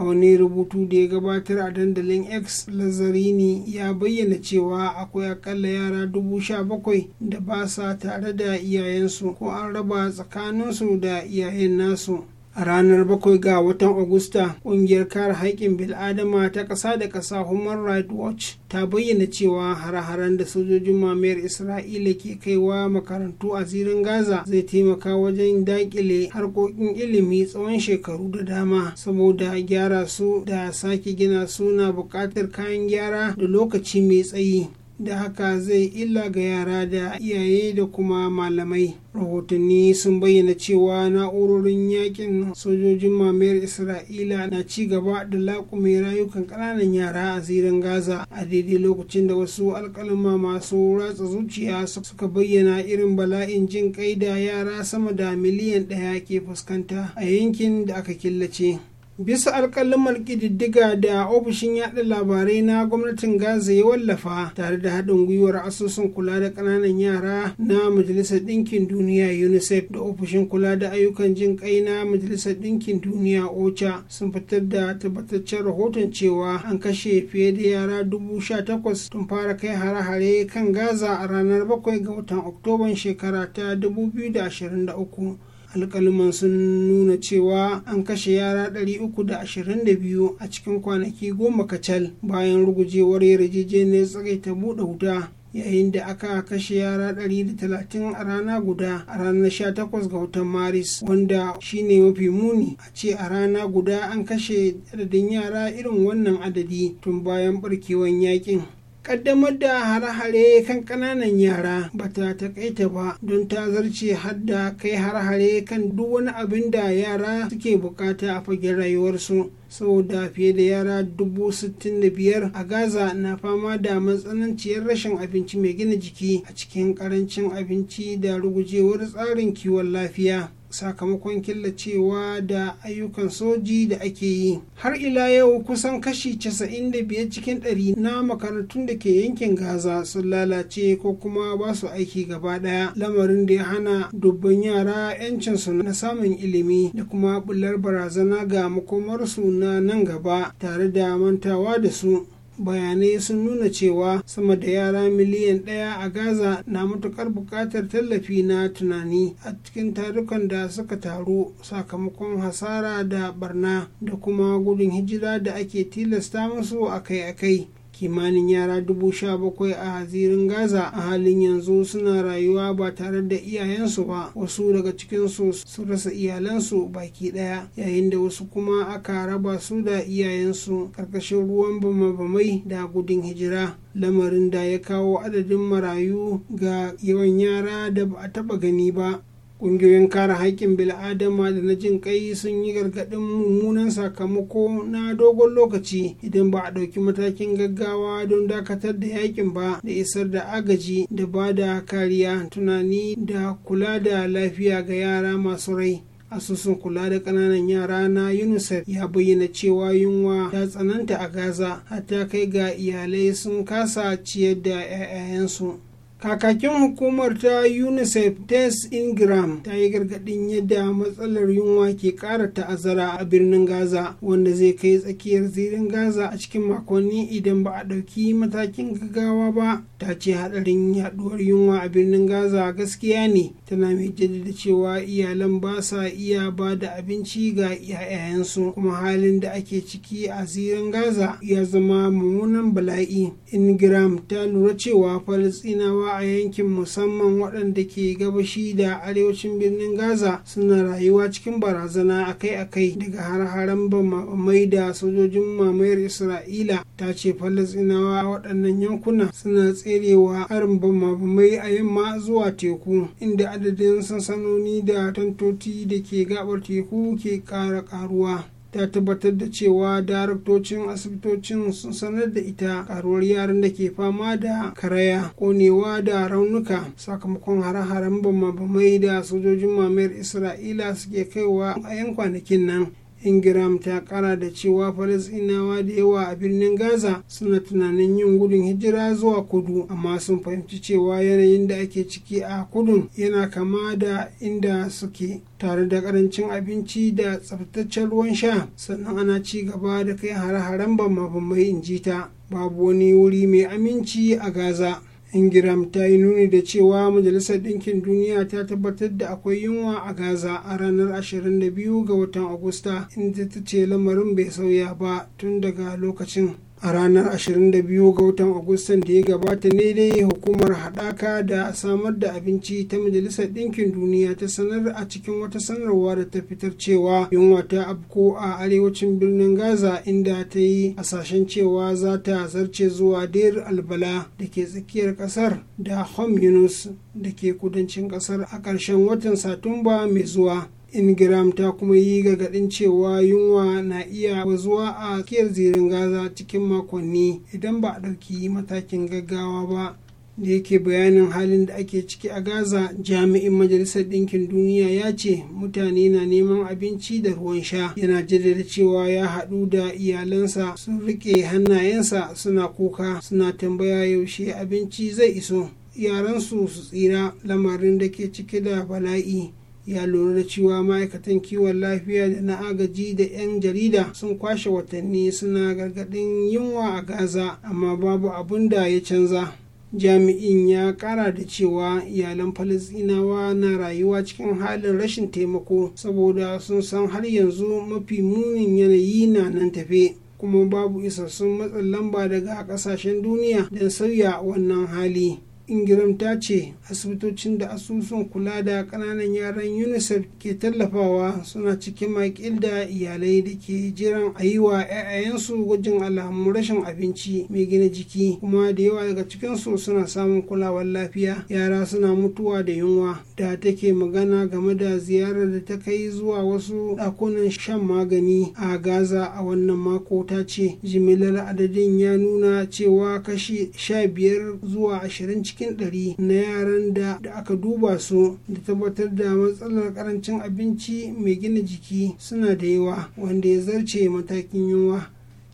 a wani rubutu da ya gabatar a dandalin x lazarini ya bayyana cewa akwai akalla yara dubu sha bakwai da ba sa tare da iyayensu ko an raba tsakaninsu da iyayen nasu a ranar 7 ga watan agusta kungiyar kare haƙƙin bil'adama ta ƙasa da ƙasa human rights watch ta bayyana cewa hare haren da sojojin mamayar isra'ila ke kaiwa makarantu a zirin gaza zai taimaka wajen daƙile harkokin ilimi tsawon shekaru da dama saboda gyara su da sake gina su na buƙatar kayan gyara da lokaci mai tsayi da haka zai illa ga yara da iyaye da kuma malamai rahotanni sun bayyana cewa na'urorin yakin sojojin mamayar isra'ila na ci gaba da laƙume rayukan ƙananan yara a zirin gaza a daidai lokacin da wasu alƙalama masu ratsa zuciya suka bayyana irin bala'in jin kai da yara sama da miliyan ɗaya ke fuskanta a yankin da aka killace bisa Malki diddiga da ofishin yaɗa labarai na gwamnatin gaza ya wallafa tare da haɗin gwiwar asusun kula da ƙananan yara na majalisar ɗinkin duniya unicef da ofishin kula da ayyukan jin ƙai na majalisar ɗinkin duniya ocha sun fitar da tabbataccen rahoton cewa an kashe fiye da yara dubu sha takwas tun fara kai hare-hare kan gaza a ranar bakwai ga watan oktoban shekara ta dubu biyu da ashirin da uku alkaliman sun nuna cewa an kashe yara 322 a cikin kwanaki goma kacal bayan rugujewar yarjejeniyar tsagaita buɗe wuta yayin da aka kashe yara 130 a rana guda a ranar 18 ga watan maris wanda shine mafi muni a ce a rana guda an kashe adadin yara irin wannan adadi tun bayan barkewan yakin kaddamar da hare-hare kan kananan yara ba ta takaita ba don ta zarce hadda kai hare-hare kan duk wani abin da yara suke bukata a fagen rayuwarsu saboda fiye da yara dubu sittin da biyar a gaza na fama da matsananciyar rashin abinci mai gina jiki a cikin karancin abinci da rugujewar tsarin kiwon lafiya sakamakon killacewa da ayyukan soji da ake yi har ila yau kusan kashi 95 cikin ɗari na makarantun da ke yankin gaza sun lalace ko kuma ba su aiki gaba ɗaya lamarin da ya hana dubban yara 'yancinsu na samun ilimi da kuma bular barazana ga makomarsu na nan gaba tare da mantawa da su bayanai sun nuna cewa sama da yara miliyan ɗaya a gaza na matukar buƙatar tallafi na tunani a cikin tarukan da suka taru sakamakon hasara da barna da kuma gudun hijira da ake tilasta musu akai-akai kimanin yara dubu sha bakwai a hazirin gaza a halin yanzu suna rayuwa ba tare da iyayensu ba wasu daga cikinsu su rasa iyalansu baki daya yayin da wasu kuma aka raba su da iyayensu karkashin ruwan bama-bamai da gudun hijira lamarin da ya kawo adadin marayu ga yawan yara da ba a taba gani ba ƙungiyoyin kare haƙƙin bil'adama da na jin ƙai sun yi gargaɗin mummunan sakamako na dogon lokaci idan ba a ɗauki matakin gaggawa don dakatar da yaƙin ba da isar da agaji da ba da kariya tunani da kula da lafiya ga yara masu rai asusun kula da ƙananan yara na unicef ya bayyana cewa yunwa ta tsananta a gaza hatta kai ga iyalai sun kasa ciyar da 'ya'yansu kakakin hukumar ta unicef tess ingram ta yi gargadin yadda matsalar yunwa ke kara ta'azzara a birnin gaza wanda zai kai tsakiyar zirin gaza a cikin makonni idan ba a ɗauki matakin gaggawa ba ta ce hadarin yaduwar yunwa a birnin gaza gaskiya ne tana mai jaddada cewa iyalan ba sa iya ba da abinci ga yayayansu kuma halin da ake ciki a zirin gaza ya zama mummunan bala'i ingram ta lura cewa falastinawa a yankin musamman waɗanda ke gabashi da arewacin birnin gaza suna rayuwa cikin barazana akai-akai daga har-haren bamai da sojojin mamayar isra'ila ta ce falastinawa a waɗannan yankuna suna tsaye tserewa harin bamabamai a yamma zuwa teku inda adadin sansanoni da tantoti da ke gabar teku ke kara karuwa. ta tabbatar da cewa daraktocin asibitocin sun sanar da ita karuwar yaran da ke fama da karaya konewa da raunuka sakamakon hare-haren bama da sojojin mamayar isra'ila suke kaiwa a 'yan kwanakin nan ingram ta kara da cewa falasinawa da yawa a birnin gaza suna tunanin yin gudun hijira zuwa kudu amma sun fahimci cewa yanayin da ake ciki a kudun yana kama da inda suke tare da karancin abinci da tsabtaccen ruwan sha sannan ana ci gaba da kai hare-haren bambamai in ji ta babu wani wuri mai aminci a gaza ingiram ta yi nuni da cewa majalisar ɗinkin duniya ta tabbatar da akwai yunwa a gaza a ranar 22 ga watan agusta inda ta ce lamarin bai sauya ba tun daga lokacin a ranar 22 ga watan agustan da ya gabata ne dai hukumar haɗaka da samar da abinci ta majalisar ɗinkin duniya ta sanar a cikin wata sanarwa da ta fitar cewa yunwa ta afko a arewacin birnin gaza inda ta yi hasashen cewa za ta zarce zuwa deir albala da ke tsakiyar ƙasar da hom yunus da ke kudancin ƙasar a ƙarshen watan satumba mai zuwa ingram ta kuma yi gargaɗin cewa yunwa na iya bazuwa a tsakiyar zirin gaza cikin makonni idan ba a ɗauki matakin gaggawa ba da yake bayanin halin da ake ciki a gaza jami'in majalisar ɗinkin duniya ya ce mutane na neman abinci da ruwan sha yana jaddada cewa ya haɗu da iyalansa sun riƙe hannayensa suna kuka suna tambaya yaushe abinci zai iso yaransu su tsira lamarin da ke cike da bala'i ya lura da cewa ma'aikatan kiwon lafiya da na agaji da 'yan jarida sun kwashe watanni suna gargadin yunwa a gaza amma babu abun da ya canza jami'in ya kara da cewa iyalan falasinawa na rayuwa cikin halin rashin taimako saboda sun san har yanzu mafi munin yanayi na nan tafe kuma babu isassun matsin lamba daga kasashen duniya don sauya wannan hali ingiram ta ce asibitocin da asusun kula da kananan yaran unicef ke tallafawa suna cikin makil da iyalai da ke jiran a yi wa 'ya'yayensu gwajin alhamu rashin abinci mai gina jiki kuma da yawa daga cikinsu suna samun kulawar lafiya yara suna mutuwa da yunwa da take magana game da ziyarar da ta kai zuwa wasu ɗakunan shan magani a gaza a wannan mako ta ce jimillar adadin ya nuna cewa kashi 15 zuwa 20 cikin cikin ɗari na yaran da aka duba su da tabbatar da matsalar karancin abinci mai gina jiki suna da yawa wanda ya zarce matakin yunwa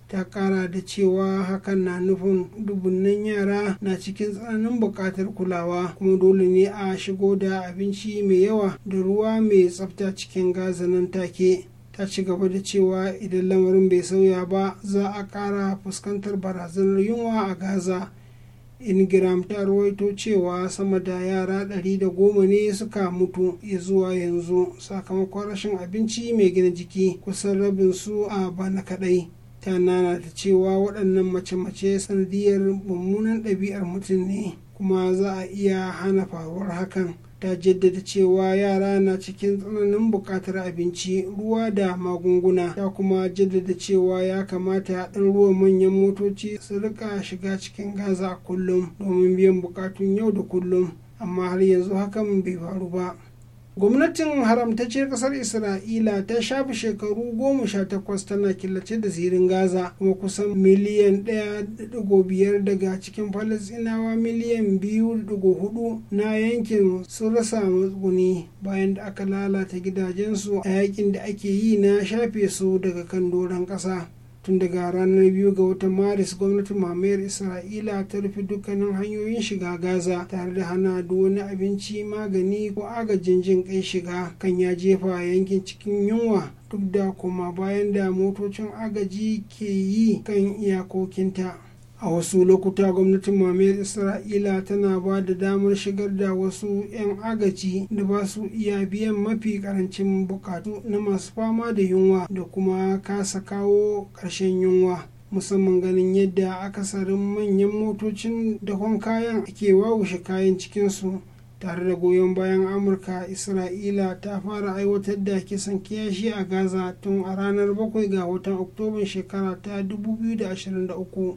ta kara da cewa hakan na nufin dubunnan yara na cikin tsananin buƙatar kulawa kuma dole ne a shigo da abinci mai yawa da ruwa mai tsafta cikin gazanin take ta ci gaba da cewa idan lamarin bai sauya ba za a ƙara fuskantar barazanar yunwa a gaza ingram ta ruwaito cewa sama da yara 110 ne suka mutu ya zuwa yanzu sakamakon rashin abinci mai gina jiki kusan rabin su a bana kadai ta nana ta cewa waɗannan mace-mace sanadiyar mummunan ɗabi'ar mutum ne kuma za a iya hana faruwar hakan ta jaddada cewa yara na cikin tsananin bukatar abinci ruwa da magunguna ta kuma jaddada cewa ya kamata ruwa manyan motoci su rika shiga cikin gaza kullum domin biyan bukatun yau da kullum amma har yanzu hakan bai faru ba gwamnatin haramtacciyar kasar isra'ila ta shafi shekaru goma sha takwas tana killace da zirin gaza kuma kusan miliyan biyar daga cikin falasinawa miliyan hudu na yankin sun rasa matsuguni bayan da aka lalata gidajensu a yakin da ake yi na shafe su daga kan doron ƙasa. tun daga ranar biyu ga watan maris gwamnatin mamayar isra'ila ta rufe dukkanin hanyoyin shiga gaza tare da hana duk wani abinci magani ko agajin jin kai shiga kan ya jefa yankin cikin yunwa duk da kuma bayan da motocin agaji ke yi kan iyakokinta a wasu lokuta gwamnatin mamayar isra'ila tana ba da damar shigar da wasu 'yan agaci da ba su iya biyan mafi karancin bukatu na masu fama da yunwa da kuma kasa kawo karshen yunwa musamman ganin yadda akasarin manyan motocin dakon kayan ke wawushe kayan cikinsu tare da goyon bayan amurka isra'ila ta fara aiwatar da kisan kiyashi a gaza tun a ranar 7 ga watan oktoban shekara ta 2023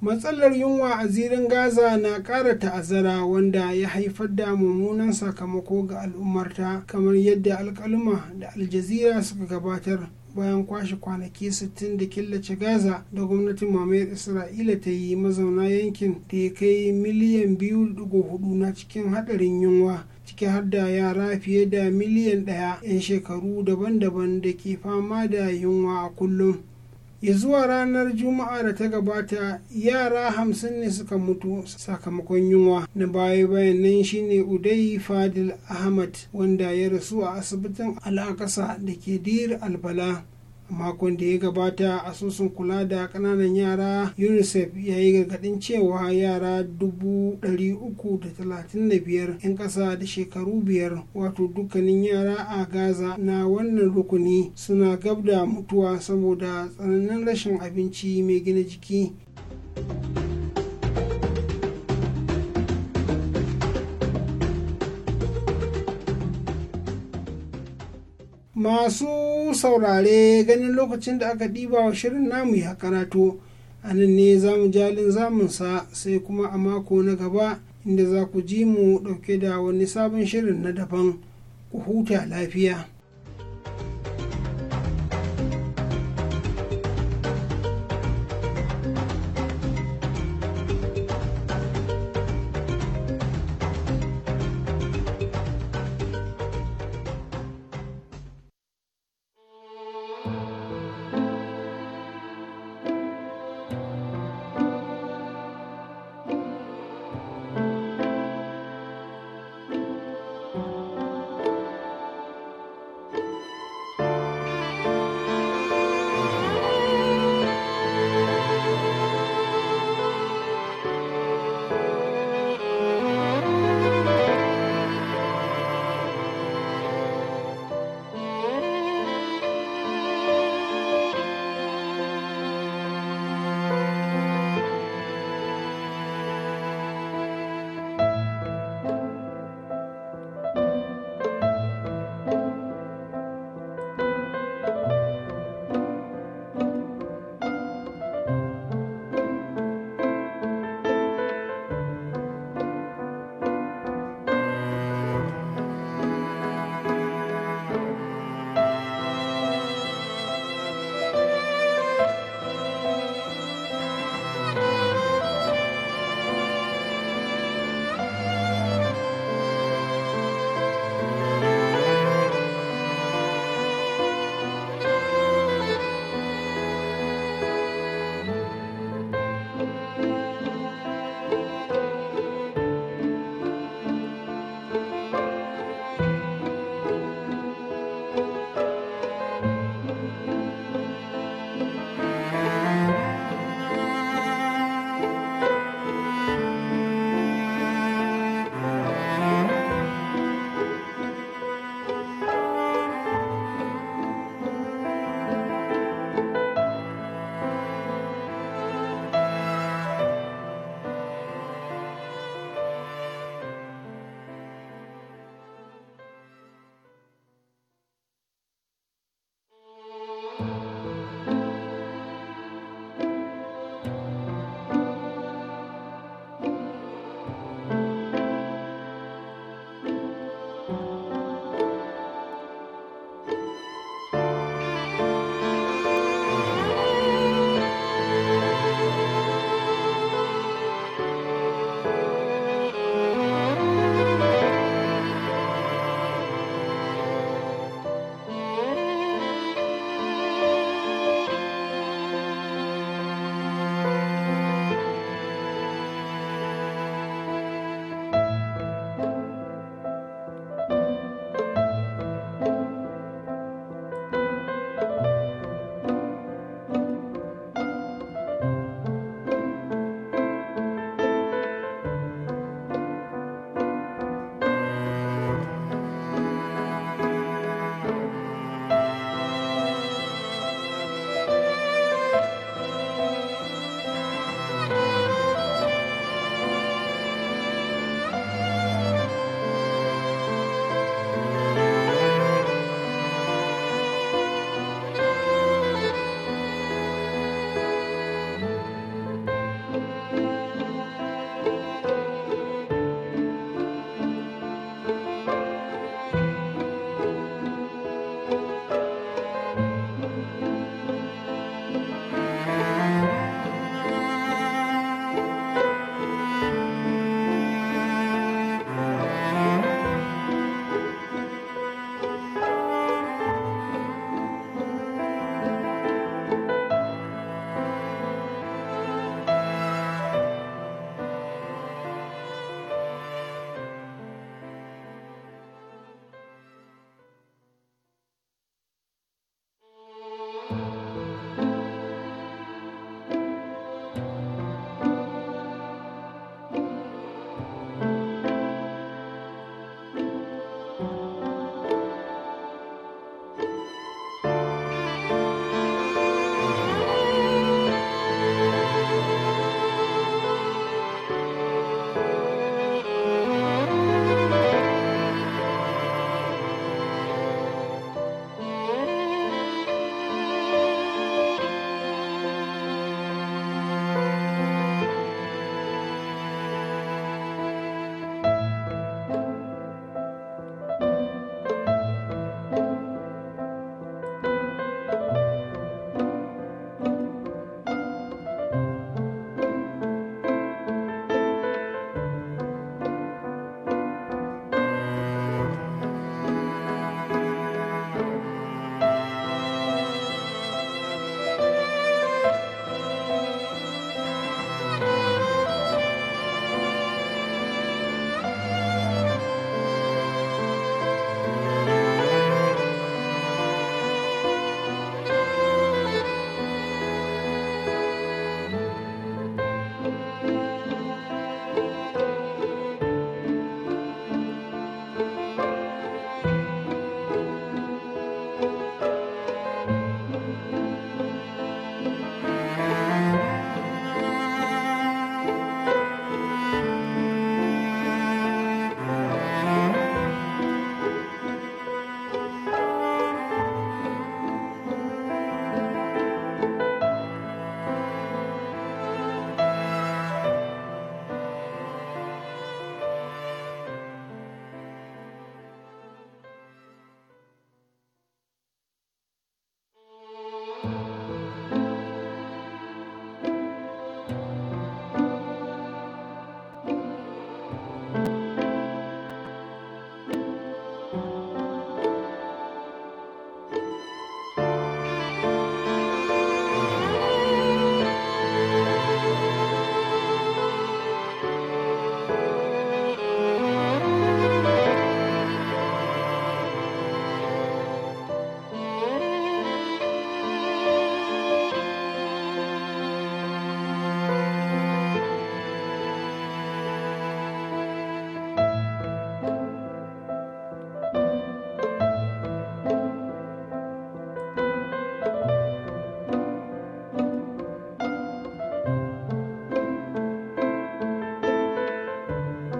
matsalar yunwa a zirin gaza na ƙara ta'azzara wanda ya haifar da mummunan sakamako ga al'ummarta kamar yadda alkaluma da aljazira suka gabatar bayan kwashe kwanaki 60 da killace gaza da gwamnatin mamayar isra'ila ta yi mazauna yankin da ya kai miliyan 2.4 na cikin hadarin yunwa ciki har da yara fiye da miliyan ɗaya 'yan shekaru daban-daban da ke fama da yunwa a kullum ya zuwa ranar juma'a da ta gabata yara hamsin ne suka mutu sakamakon yunwa na baya bayan nan shine udai fadil ahmad wanda ya rasu a asibitin al'akasa da ke dir albala makon da ya gabata asusun kula da kananan yara unicef ya yi gargadin cewa yara 335 'yan ƙasa da shekaru biyar wato dukkanin yara a gaza na wannan rukuni suna gab da mutuwa saboda tsananin rashin abinci mai gina jiki masu saurare ganin lokacin da aka ɗiba wa shirin namu ya karato a nan ne zamu jalin zamunsa sai kuma a mako na gaba inda za ku ji mu ɗauke da wani sabon shirin na daban ku huta lafiya